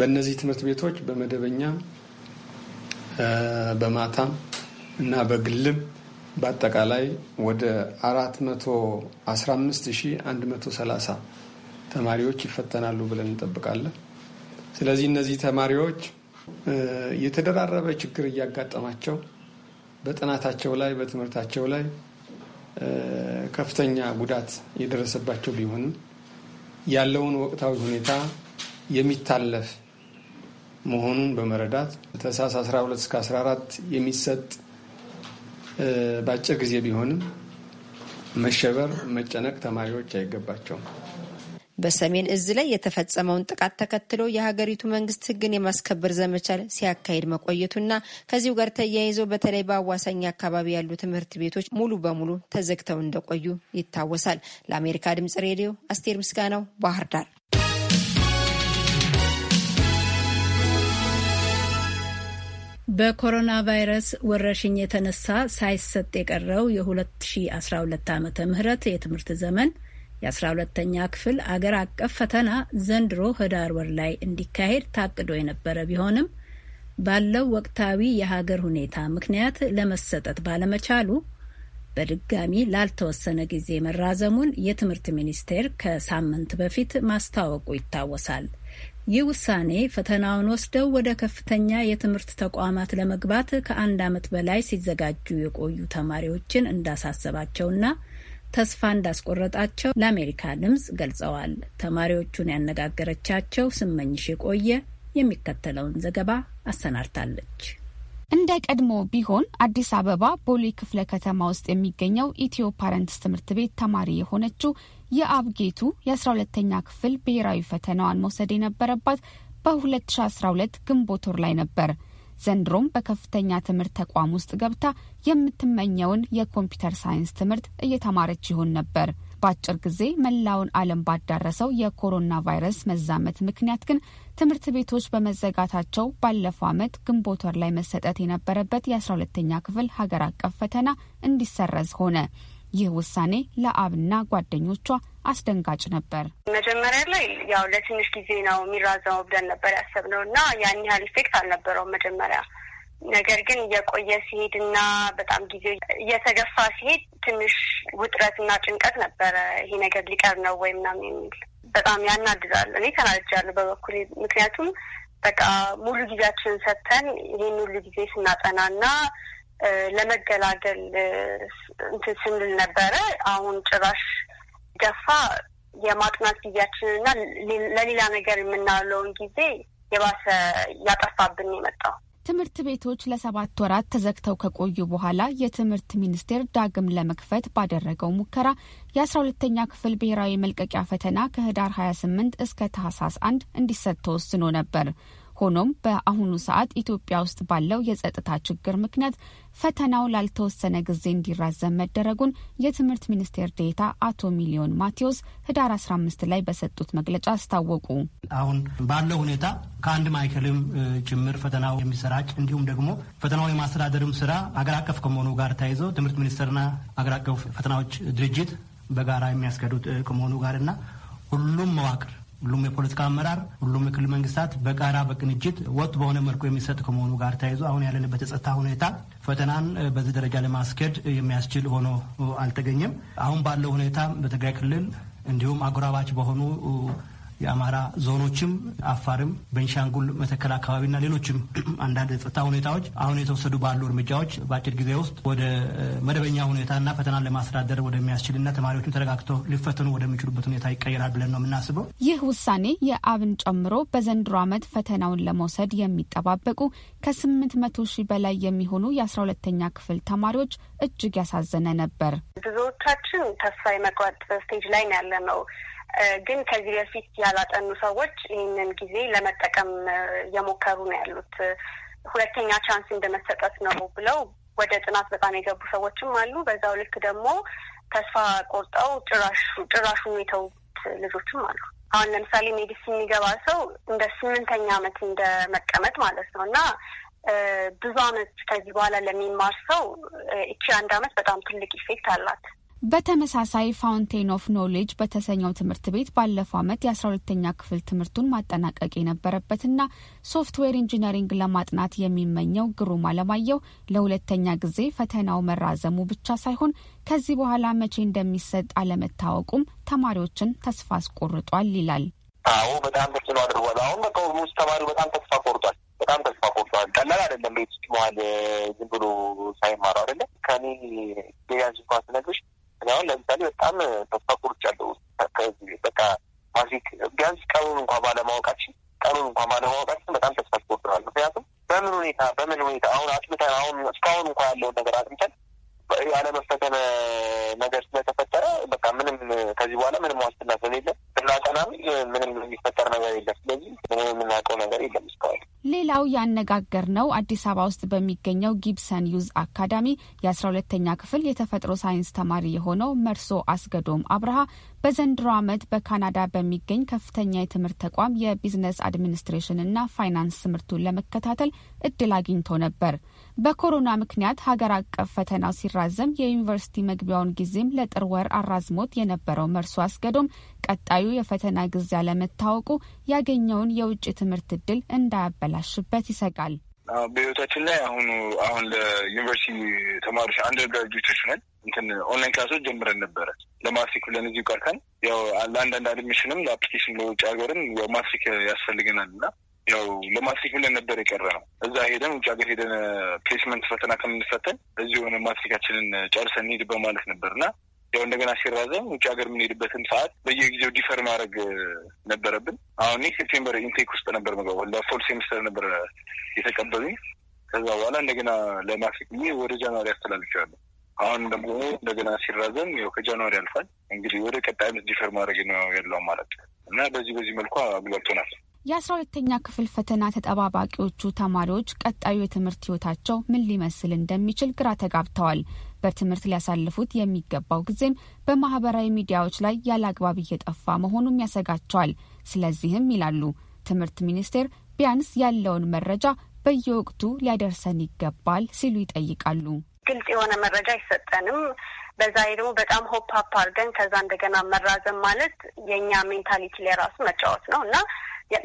በእነዚህ ትምህርት ቤቶች በመደበኛ በማታም እና በግልም በአጠቃላይ ወደ 415130 ተማሪዎች ይፈተናሉ ብለን እንጠብቃለን። ስለዚህ እነዚህ ተማሪዎች የተደራረበ ችግር እያጋጠማቸው በጥናታቸው ላይ በትምህርታቸው ላይ ከፍተኛ ጉዳት የደረሰባቸው ቢሆንም ያለውን ወቅታዊ ሁኔታ የሚታለፍ መሆኑን በመረዳት ተሳስ 12 እስከ 14 የሚሰጥ በአጭር ጊዜ ቢሆንም መሸበር፣ መጨነቅ ተማሪዎች አይገባቸውም። በሰሜን እዝ ላይ የተፈጸመውን ጥቃት ተከትሎ የሀገሪቱ መንግስት ህግን የማስከበር ዘመቻ ሲያካሂድ መቆየቱና ከዚሁ ጋር ተያይዞ በተለይ በአዋሳኝ አካባቢ ያሉ ትምህርት ቤቶች ሙሉ በሙሉ ተዘግተው እንደቆዩ ይታወሳል። ለአሜሪካ ድምጽ ሬዲዮ አስቴር ምስጋናው ባህር ዳር በኮሮና ቫይረስ ወረርሽኝ የተነሳ ሳይሰጥ የቀረው የ2012 ዓ ም የትምህርት ዘመን የ12ተኛ ክፍል አገር አቀፍ ፈተና ዘንድሮ ህዳር ወር ላይ እንዲካሄድ ታቅዶ የነበረ ቢሆንም ባለው ወቅታዊ የሀገር ሁኔታ ምክንያት ለመሰጠት ባለመቻሉ በድጋሚ ላልተወሰነ ጊዜ መራዘሙን የትምህርት ሚኒስቴር ከሳምንት በፊት ማስታወቁ ይታወሳል። ይህ ውሳኔ ፈተናውን ወስደው ወደ ከፍተኛ የትምህርት ተቋማት ለመግባት ከአንድ ዓመት በላይ ሲዘጋጁ የቆዩ ተማሪዎችን እንዳሳሰባቸውና ተስፋ እንዳስቆረጣቸው ለአሜሪካ ድምፅ ገልጸዋል። ተማሪዎቹን ያነጋገረቻቸው ስመኝሽ የቆየ የሚከተለውን ዘገባ አሰናድታለች። እንደ ቀድሞ ቢሆን አዲስ አበባ ቦሌ ክፍለ ከተማ ውስጥ የሚገኘው ኢትዮ ፓረንትስ ትምህርት ቤት ተማሪ የሆነችው የአብጌቱ የ12ተኛ ክፍል ብሔራዊ ፈተናዋን መውሰድ የነበረባት በ2012 ግንቦት ወር ላይ ነበር። ዘንድሮም በከፍተኛ ትምህርት ተቋም ውስጥ ገብታ የምትመኘውን የኮምፒውተር ሳይንስ ትምህርት እየተማረች ይሆን ነበር። በአጭር ጊዜ መላውን ዓለም ባዳረሰው የኮሮና ቫይረስ መዛመት ምክንያት ግን ትምህርት ቤቶች በመዘጋታቸው ባለፈው ዓመት ግንቦት ወር ላይ መሰጠት የነበረበት የ12ተኛ ክፍል ሀገር አቀፍ ፈተና እንዲሰረዝ ሆነ። ይህ ውሳኔ ለአብና ጓደኞቿ አስደንጋጭ ነበር። መጀመሪያ ላይ ያው ለትንሽ ጊዜ ነው የሚራዘመው ብለን ነበር ያሰብነው እና ያን ያህል ኢፌክት አልነበረውም መጀመሪያ። ነገር ግን እየቆየ ሲሄድ እና በጣም ጊዜ እየተገፋ ሲሄድ ትንሽ ውጥረት ውጥረትና ጭንቀት ነበረ። ይሄ ነገር ሊቀር ነው ወይ ምናምን የሚል በጣም ያናድዳል። እኔ ተናድጃለሁ በበኩሌ ምክንያቱም በቃ ሙሉ ጊዜያችንን ሰጥተን ይህን ሁሉ ጊዜ ስናጠና እና ለመገላገል እንትን ስንል ነበረ። አሁን ጭራሽ ገፋ የማጥናት ጊዜያችንና ለሌላ ነገር የምናውለውን ጊዜ የባሰ ያጠፋብን የመጣው። ትምህርት ቤቶች ለሰባት ወራት ተዘግተው ከቆዩ በኋላ የትምህርት ሚኒስቴር ዳግም ለመክፈት ባደረገው ሙከራ የአስራ ሁለተኛ ክፍል ብሔራዊ መልቀቂያ ፈተና ከህዳር 28 እስከ ታህሳስ አንድ እንዲሰጥ ተወስኖ ነበር። ሆኖም በአሁኑ ሰዓት ኢትዮጵያ ውስጥ ባለው የጸጥታ ችግር ምክንያት ፈተናው ላልተወሰነ ጊዜ እንዲራዘም መደረጉን የትምህርት ሚኒስቴር ዴታ አቶ ሚሊዮን ማቴዎስ ህዳር 15 ላይ በሰጡት መግለጫ አስታወቁ። አሁን ባለው ሁኔታ ከአንድ ማዕከልም ጭምር ፈተናው የሚሰራጭ እንዲሁም ደግሞ ፈተናው የማስተዳደርም ስራ አገር አቀፍ ከመሆኑ ጋር ተያይዞ ትምህርት ሚኒስቴርና አገር አቀፍ ፈተናዎች ድርጅት በጋራ የሚያስገዱት ከመሆኑ ጋርና ሁሉም መዋቅር ሁሉም የፖለቲካ አመራር፣ ሁሉም የክልል መንግስታት በጋራ በቅንጅት ወጥ በሆነ መልኩ የሚሰጥ ከመሆኑ ጋር ተያይዞ አሁን ያለንበት የጸጥታ ሁኔታ ፈተናን በዚህ ደረጃ ለማስኬድ የሚያስችል ሆኖ አልተገኘም። አሁን ባለው ሁኔታ በትግራይ ክልል እንዲሁም አጎራባች በሆኑ የአማራ ዞኖችም፣ አፋርም፣ በንሻንጉል መተከል አካባቢና ሌሎችም <clears throat> አንዳንድ ጸጥታ ሁኔታዎች አሁን የተወሰዱ ባሉ እርምጃዎች በአጭር ጊዜ ውስጥ ወደ መደበኛ ሁኔታና ፈተናን ለማስተዳደር ወደሚያስችልና ተማሪዎቹ ተረጋግተው ሊፈተኑ ወደሚችሉበት ሁኔታ ይቀየራል ብለን ነው የምናስበው። ይህ ውሳኔ የአብን ጨምሮ በዘንድሮ ዓመት ፈተናውን ለመውሰድ የሚጠባበቁ ከ መቶ ሺህ በላይ የሚሆኑ የ12ተኛ ክፍል ተማሪዎች እጅግ ያሳዘነ ነበር። ብዙዎቻችን ተስፋ የመቁረጥ ስቴጅ ላይ ያለ ነው ግን ከዚህ በፊት ያላጠኑ ሰዎች ይህንን ጊዜ ለመጠቀም እየሞከሩ ነው ያሉት። ሁለተኛ ቻንስ እንደመሰጠት ነው ብለው ወደ ጥናት በጣም የገቡ ሰዎችም አሉ። በዛው ልክ ደግሞ ተስፋ ቆርጠው ጭራሹ ጭራሹን የተውት ልጆችም አሉ። አሁን ለምሳሌ ሜዲሲን የሚገባ ሰው እንደ ስምንተኛ አመት እንደ መቀመጥ ማለት ነው እና ብዙ አመት ከዚህ በኋላ ለሚማር ሰው እቺ አንድ አመት በጣም ትልቅ ኢፌክት አላት። በተመሳሳይ ፋውንቴን ኦፍ ኖሌጅ በተሰኘው ትምህርት ቤት ባለፈው ዓመት የ12ተኛ ክፍል ትምህርቱን ማጠናቀቅ የነበረበትና ሶፍትዌር ኢንጂነሪንግ ለማጥናት የሚመኘው ግሩም አለማየሁ ለሁለተኛ ጊዜ ፈተናው መራዘሙ ብቻ ሳይሆን ከዚህ በኋላ መቼ እንደሚሰጥ አለመታወቁም ተማሪዎችን ተስፋ አስቆርጧል ይላል። አዎ በጣም ተጽዕኖ አድርጓል። አሁን በቃ ኦልሞስት ተማሪው በጣም ተስፋ ቆርጧል። በጣም ተስፋ ቆርጧል። ቀላል አይደለም። ቤት ውስጥ መዋል ዝም ብሎ ሳይማሩ አይደለም ከኔ ቢያንስ እንኳን ስነግርሽ እኔ አሁን ለምሳሌ በጣም ተስፋ ቆርጫለሁ። በቃ ማሲክ ቢያንስ ቀኑን እንኳ ባለማወቃችን ቀኑን እንኳ ባለማወቃችን በጣም ተስፋ ቆርጠናል። ምክንያቱም በምን ሁኔታ በምን ሁኔታ አሁን አሁን እስካሁን እንኳ ያለውን ነገር አጥምተን ያለመፈተነ ነገር ስለተፈጠረ በቃ ምንም ከዚህ በኋላ ምንም ዋስትና ስለሌለ ስናጠናም ምንም የሚፈጠር ነገር የለም። ስለዚህ ምንም የምናውቀው ነገር የለም እስካሁን። ሌላው ያነጋገር ነው አዲስ አበባ ውስጥ በሚገኘው ጊብሰን ዩዝ አካዳሚ የአስራ ሁለተኛ ክፍል የተፈጥሮ ሳይንስ ተማሪ የሆነው መርሶ አስገዶም አብርሃ በዘንድሮ ዓመት በካናዳ በሚገኝ ከፍተኛ የትምህርት ተቋም የቢዝነስ አድሚኒስትሬሽንና ፋይናንስ ትምህርቱን ለመከታተል እድል አግኝቶ ነበር። በኮሮና ምክንያት ሀገር አቀፍ ፈተናው ሲራዘም የዩኒቨርሲቲ መግቢያውን ጊዜም ለጥር ወር አራዝሞት የነበረው መርሶ አስገዶም ቀጣዩ የፈተና ጊዜ አለመታወቁ ያገኘውን የውጭ ትምህርት እድል እንዳያበላሽበት ይሰጋል። በህይወታችን ላይ አሁኑ አሁን ለዩኒቨርሲቲ ተማሪዎች አንደር ግራጁዌቶች ነን እንትን ኦንላይን ክላሶች ጀምረን ነበረ። ለማትሪክ ብለን እዚሁ ቀርተን ያው ለአንዳንድ አድሚሽንም ለአፕሊኬሽን ለውጭ ሀገርም ያው ማትሪክ ያስፈልገናል እና ያው ለማትሪክ ብለን ነበር የቀረ ነው። እዛ ሄደን ውጭ ሀገር ሄደን ፕሌስመንት ፈተና ከምንፈተን እዚህ የሆነ ማትሪካችንን ጨርሰን እንሂድ በማለት ነበር እና ያው እንደገና ሲራዘም ውጭ ሀገር የምንሄድበትን ሰዓት በየጊዜው ዲፈር ማድረግ ነበረብን። አሁን ሴፕቴምበር ኢንቴክ ውስጥ ነበር መግባ ለፎል ሴምስተር ነበር የተቀበሉኝ። ከዛ በኋላ እንደገና ለማትሪክ ብዬ ወደ ጃንዋሪ አስተላልፌዋለሁ። አሁን ደግሞ እንደገና ሲራዘም ያው ከጃንዋሪ ያልፋል እንግዲህ ወደ ቀጣይ ዓመት ዲፈር ማድረግ ነው ያለው ማለት እና በዚህ በዚህ መልኩ አግባብቶናል። የአስራ ሁለተኛ ክፍል ፈተና ተጠባባቂዎቹ ተማሪዎች ቀጣዩ የትምህርት ህይወታቸው ምን ሊመስል እንደሚችል ግራ ተጋብተዋል። በትምህርት ሊያሳልፉት የሚገባው ጊዜም በማህበራዊ ሚዲያዎች ላይ ያለ አግባብ እየጠፋ መሆኑም ያሰጋቸዋል። ስለዚህም ይላሉ ትምህርት ሚኒስቴር ቢያንስ ያለውን መረጃ በየወቅቱ ሊያደርሰን ይገባል ሲሉ ይጠይቃሉ። ግልጽ የሆነ መረጃ አይሰጠንም። በዛ ደግሞ በጣም ሆፕ አፕ አድርገን ከዛ እንደገና መራዘም ማለት የእኛ ሜንታሊቲ ላይ ራሱ መጫወት ነው እና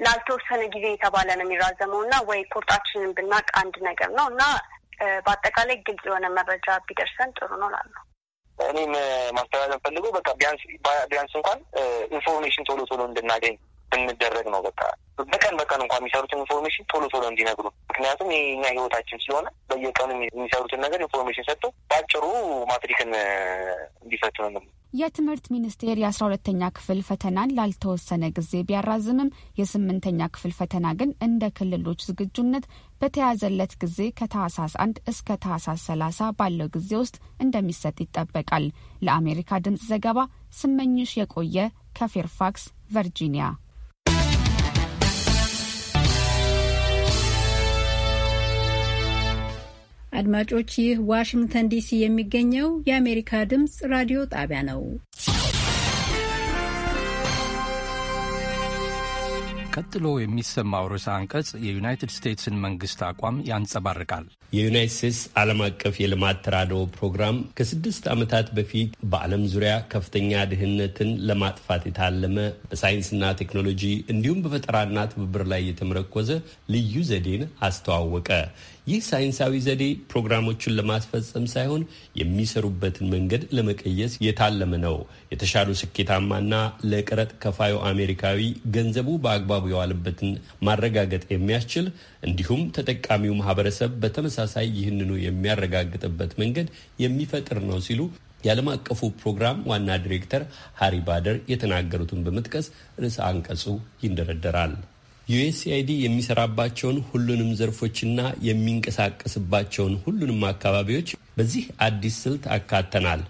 ላልተወሰነ ጊዜ የተባለ ነው የሚራዘመው እና ወይ ቁርጣችንን ብናቅ አንድ ነገር ነው እና በአጠቃላይ ግልጽ የሆነ መረጃ ቢደርሰን ጥሩ ነው ላለው እኔም ማስተላለፍ ፈልገው በቃ ቢያንስ ቢያንስ እንኳን ኢንፎርሜሽን ቶሎ ቶሎ እንድናገኝ ብንደረግ ነው በቃ በቀን በቀን እንኳ የሚሰሩትን ኢንፎርሜሽን ቶሎ ቶሎ እንዲነግሩ፣ ምክንያቱም የኛ ህይወታችን ስለሆነ በየቀኑ የሚሰሩትን ነገር ኢንፎርሜሽን ሰጥቶ በአጭሩ ማትሪክን እንዲፈቱ ነው። የትምህርት ሚኒስቴር የአስራ ሁለተኛ ክፍል ፈተናን ላልተወሰነ ጊዜ ቢያራዝምም የስምንተኛ ክፍል ፈተና ግን እንደ ክልሎች ዝግጁነት በተያዘለት ጊዜ ከታህሳስ አንድ እስከ ታህሳስ ሰላሳ ባለው ጊዜ ውስጥ እንደሚሰጥ ይጠበቃል። ለአሜሪካ ድምጽ ዘገባ ስመኝሽ የቆየ ከፌርፋክስ ቨርጂኒያ። አድማጮች፣ ይህ ዋሽንግተን ዲሲ የሚገኘው የአሜሪካ ድምፅ ራዲዮ ጣቢያ ነው። ቀጥሎ የሚሰማው ርዕሰ አንቀጽ የዩናይትድ ስቴትስን መንግስት አቋም ያንጸባርቃል። የዩናይትድ ስቴትስ ዓለም አቀፍ የልማት ተራድኦ ፕሮግራም ከስድስት ዓመታት በፊት በዓለም ዙሪያ ከፍተኛ ድህነትን ለማጥፋት የታለመ በሳይንስና ቴክኖሎጂ እንዲሁም በፈጠራና ትብብር ላይ የተመረኮዘ ልዩ ዘዴን አስተዋወቀ። ይህ ሳይንሳዊ ዘዴ ፕሮግራሞቹን ለማስፈጸም ሳይሆን የሚሰሩበትን መንገድ ለመቀየስ የታለመ ነው። የተሻሉ ስኬታማና ለቀረጥ ከፋዩ አሜሪካዊ ገንዘቡ በአግባቡ የዋለበትን ማረጋገጥ የሚያስችል እንዲሁም ተጠቃሚው ማህበረሰብ በተመሳሳይ ይህንኑ የሚያረጋግጥበት መንገድ የሚፈጥር ነው ሲሉ የዓለም አቀፉ ፕሮግራም ዋና ዲሬክተር ሃሪ ባደር የተናገሩትን በመጥቀስ ርዕሰ አንቀጹ ይንደረደራል። ዩኤስኤአይዲ የሚሰራባቸውን ሁሉንም ዘርፎችና የሚንቀሳቀስባቸውን ሁሉንም አካባቢዎች በዚህ አዲስ ስልት አካተናል።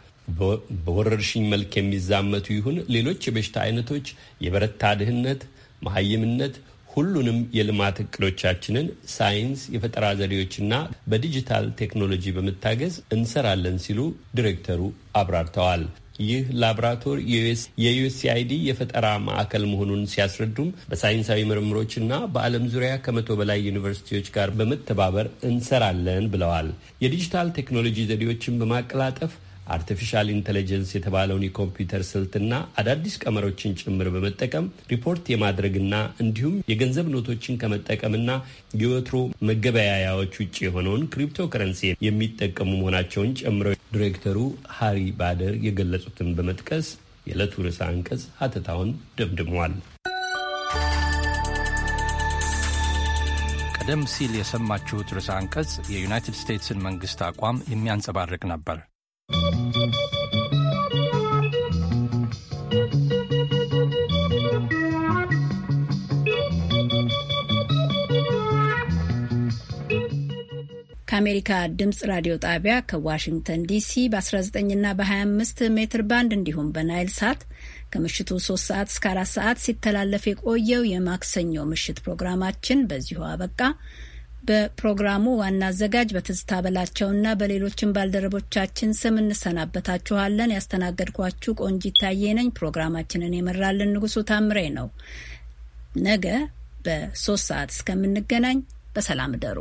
በወረርሽኝ መልክ የሚዛመቱ ይሁን ሌሎች የበሽታ አይነቶች፣ የበረታ ድህነት፣ መሀይምነት ሁሉንም የልማት እቅዶቻችንን ሳይንስ፣ የፈጠራ ዘዴዎችና በዲጂታል ቴክኖሎጂ በመታገዝ እንሰራለን ሲሉ ዲሬክተሩ አብራርተዋል። ይህ ላብራቶሪ የዩኤስአይዲ የፈጠራ ማዕከል መሆኑን ሲያስረዱም በሳይንሳዊ ምርምሮችና በዓለም ዙሪያ ከመቶ በላይ ዩኒቨርሲቲዎች ጋር በመተባበር እንሰራለን ብለዋል። የዲጂታል ቴክኖሎጂ ዘዴዎችን በማቀላጠፍ አርቲፊሻል ኢንቴሊጀንስ የተባለውን የኮምፒውተር ስልትና አዳዲስ ቀመሮችን ጭምር በመጠቀም ሪፖርት የማድረግና እንዲሁም የገንዘብ ኖቶችን ከመጠቀምና የወትሮ መገበያያዎች ውጭ የሆነውን ክሪፕቶ ከረንሲ የሚጠቀሙ መሆናቸውን ጨምረው ዲሬክተሩ ሃሪ ባደር የገለጹትን በመጥቀስ የዕለቱ ርዕሰ አንቀጽ ሀተታውን ደምድመዋል። ቀደም ሲል የሰማችሁት ርዕሰ አንቀጽ የዩናይትድ ስቴትስን መንግስት አቋም የሚያንጸባርቅ ነበር። ከአሜሪካ ድምፅ ራዲዮ ጣቢያ ከዋሽንግተን ዲሲ በ19ና በ25 ሜትር ባንድ እንዲሁም በናይል ሳት ከምሽቱ 3 ሰዓት እስከ 4 ሰዓት ሲተላለፍ የቆየው የማክሰኞ ምሽት ፕሮግራማችን በዚሁ አበቃ። በፕሮግራሙ ዋና አዘጋጅ በትዝታ በላቸውና በሌሎችም ባልደረቦቻችን ስም እንሰናበታችኋለን። ያስተናገድኳችሁ ቆንጂ ታዬ ነኝ። ፕሮግራማችንን የመራልን ንጉሱ ታምሬ ነው። ነገ በሶስት ሰዓት እስከምንገናኝ በሰላም እደሩ።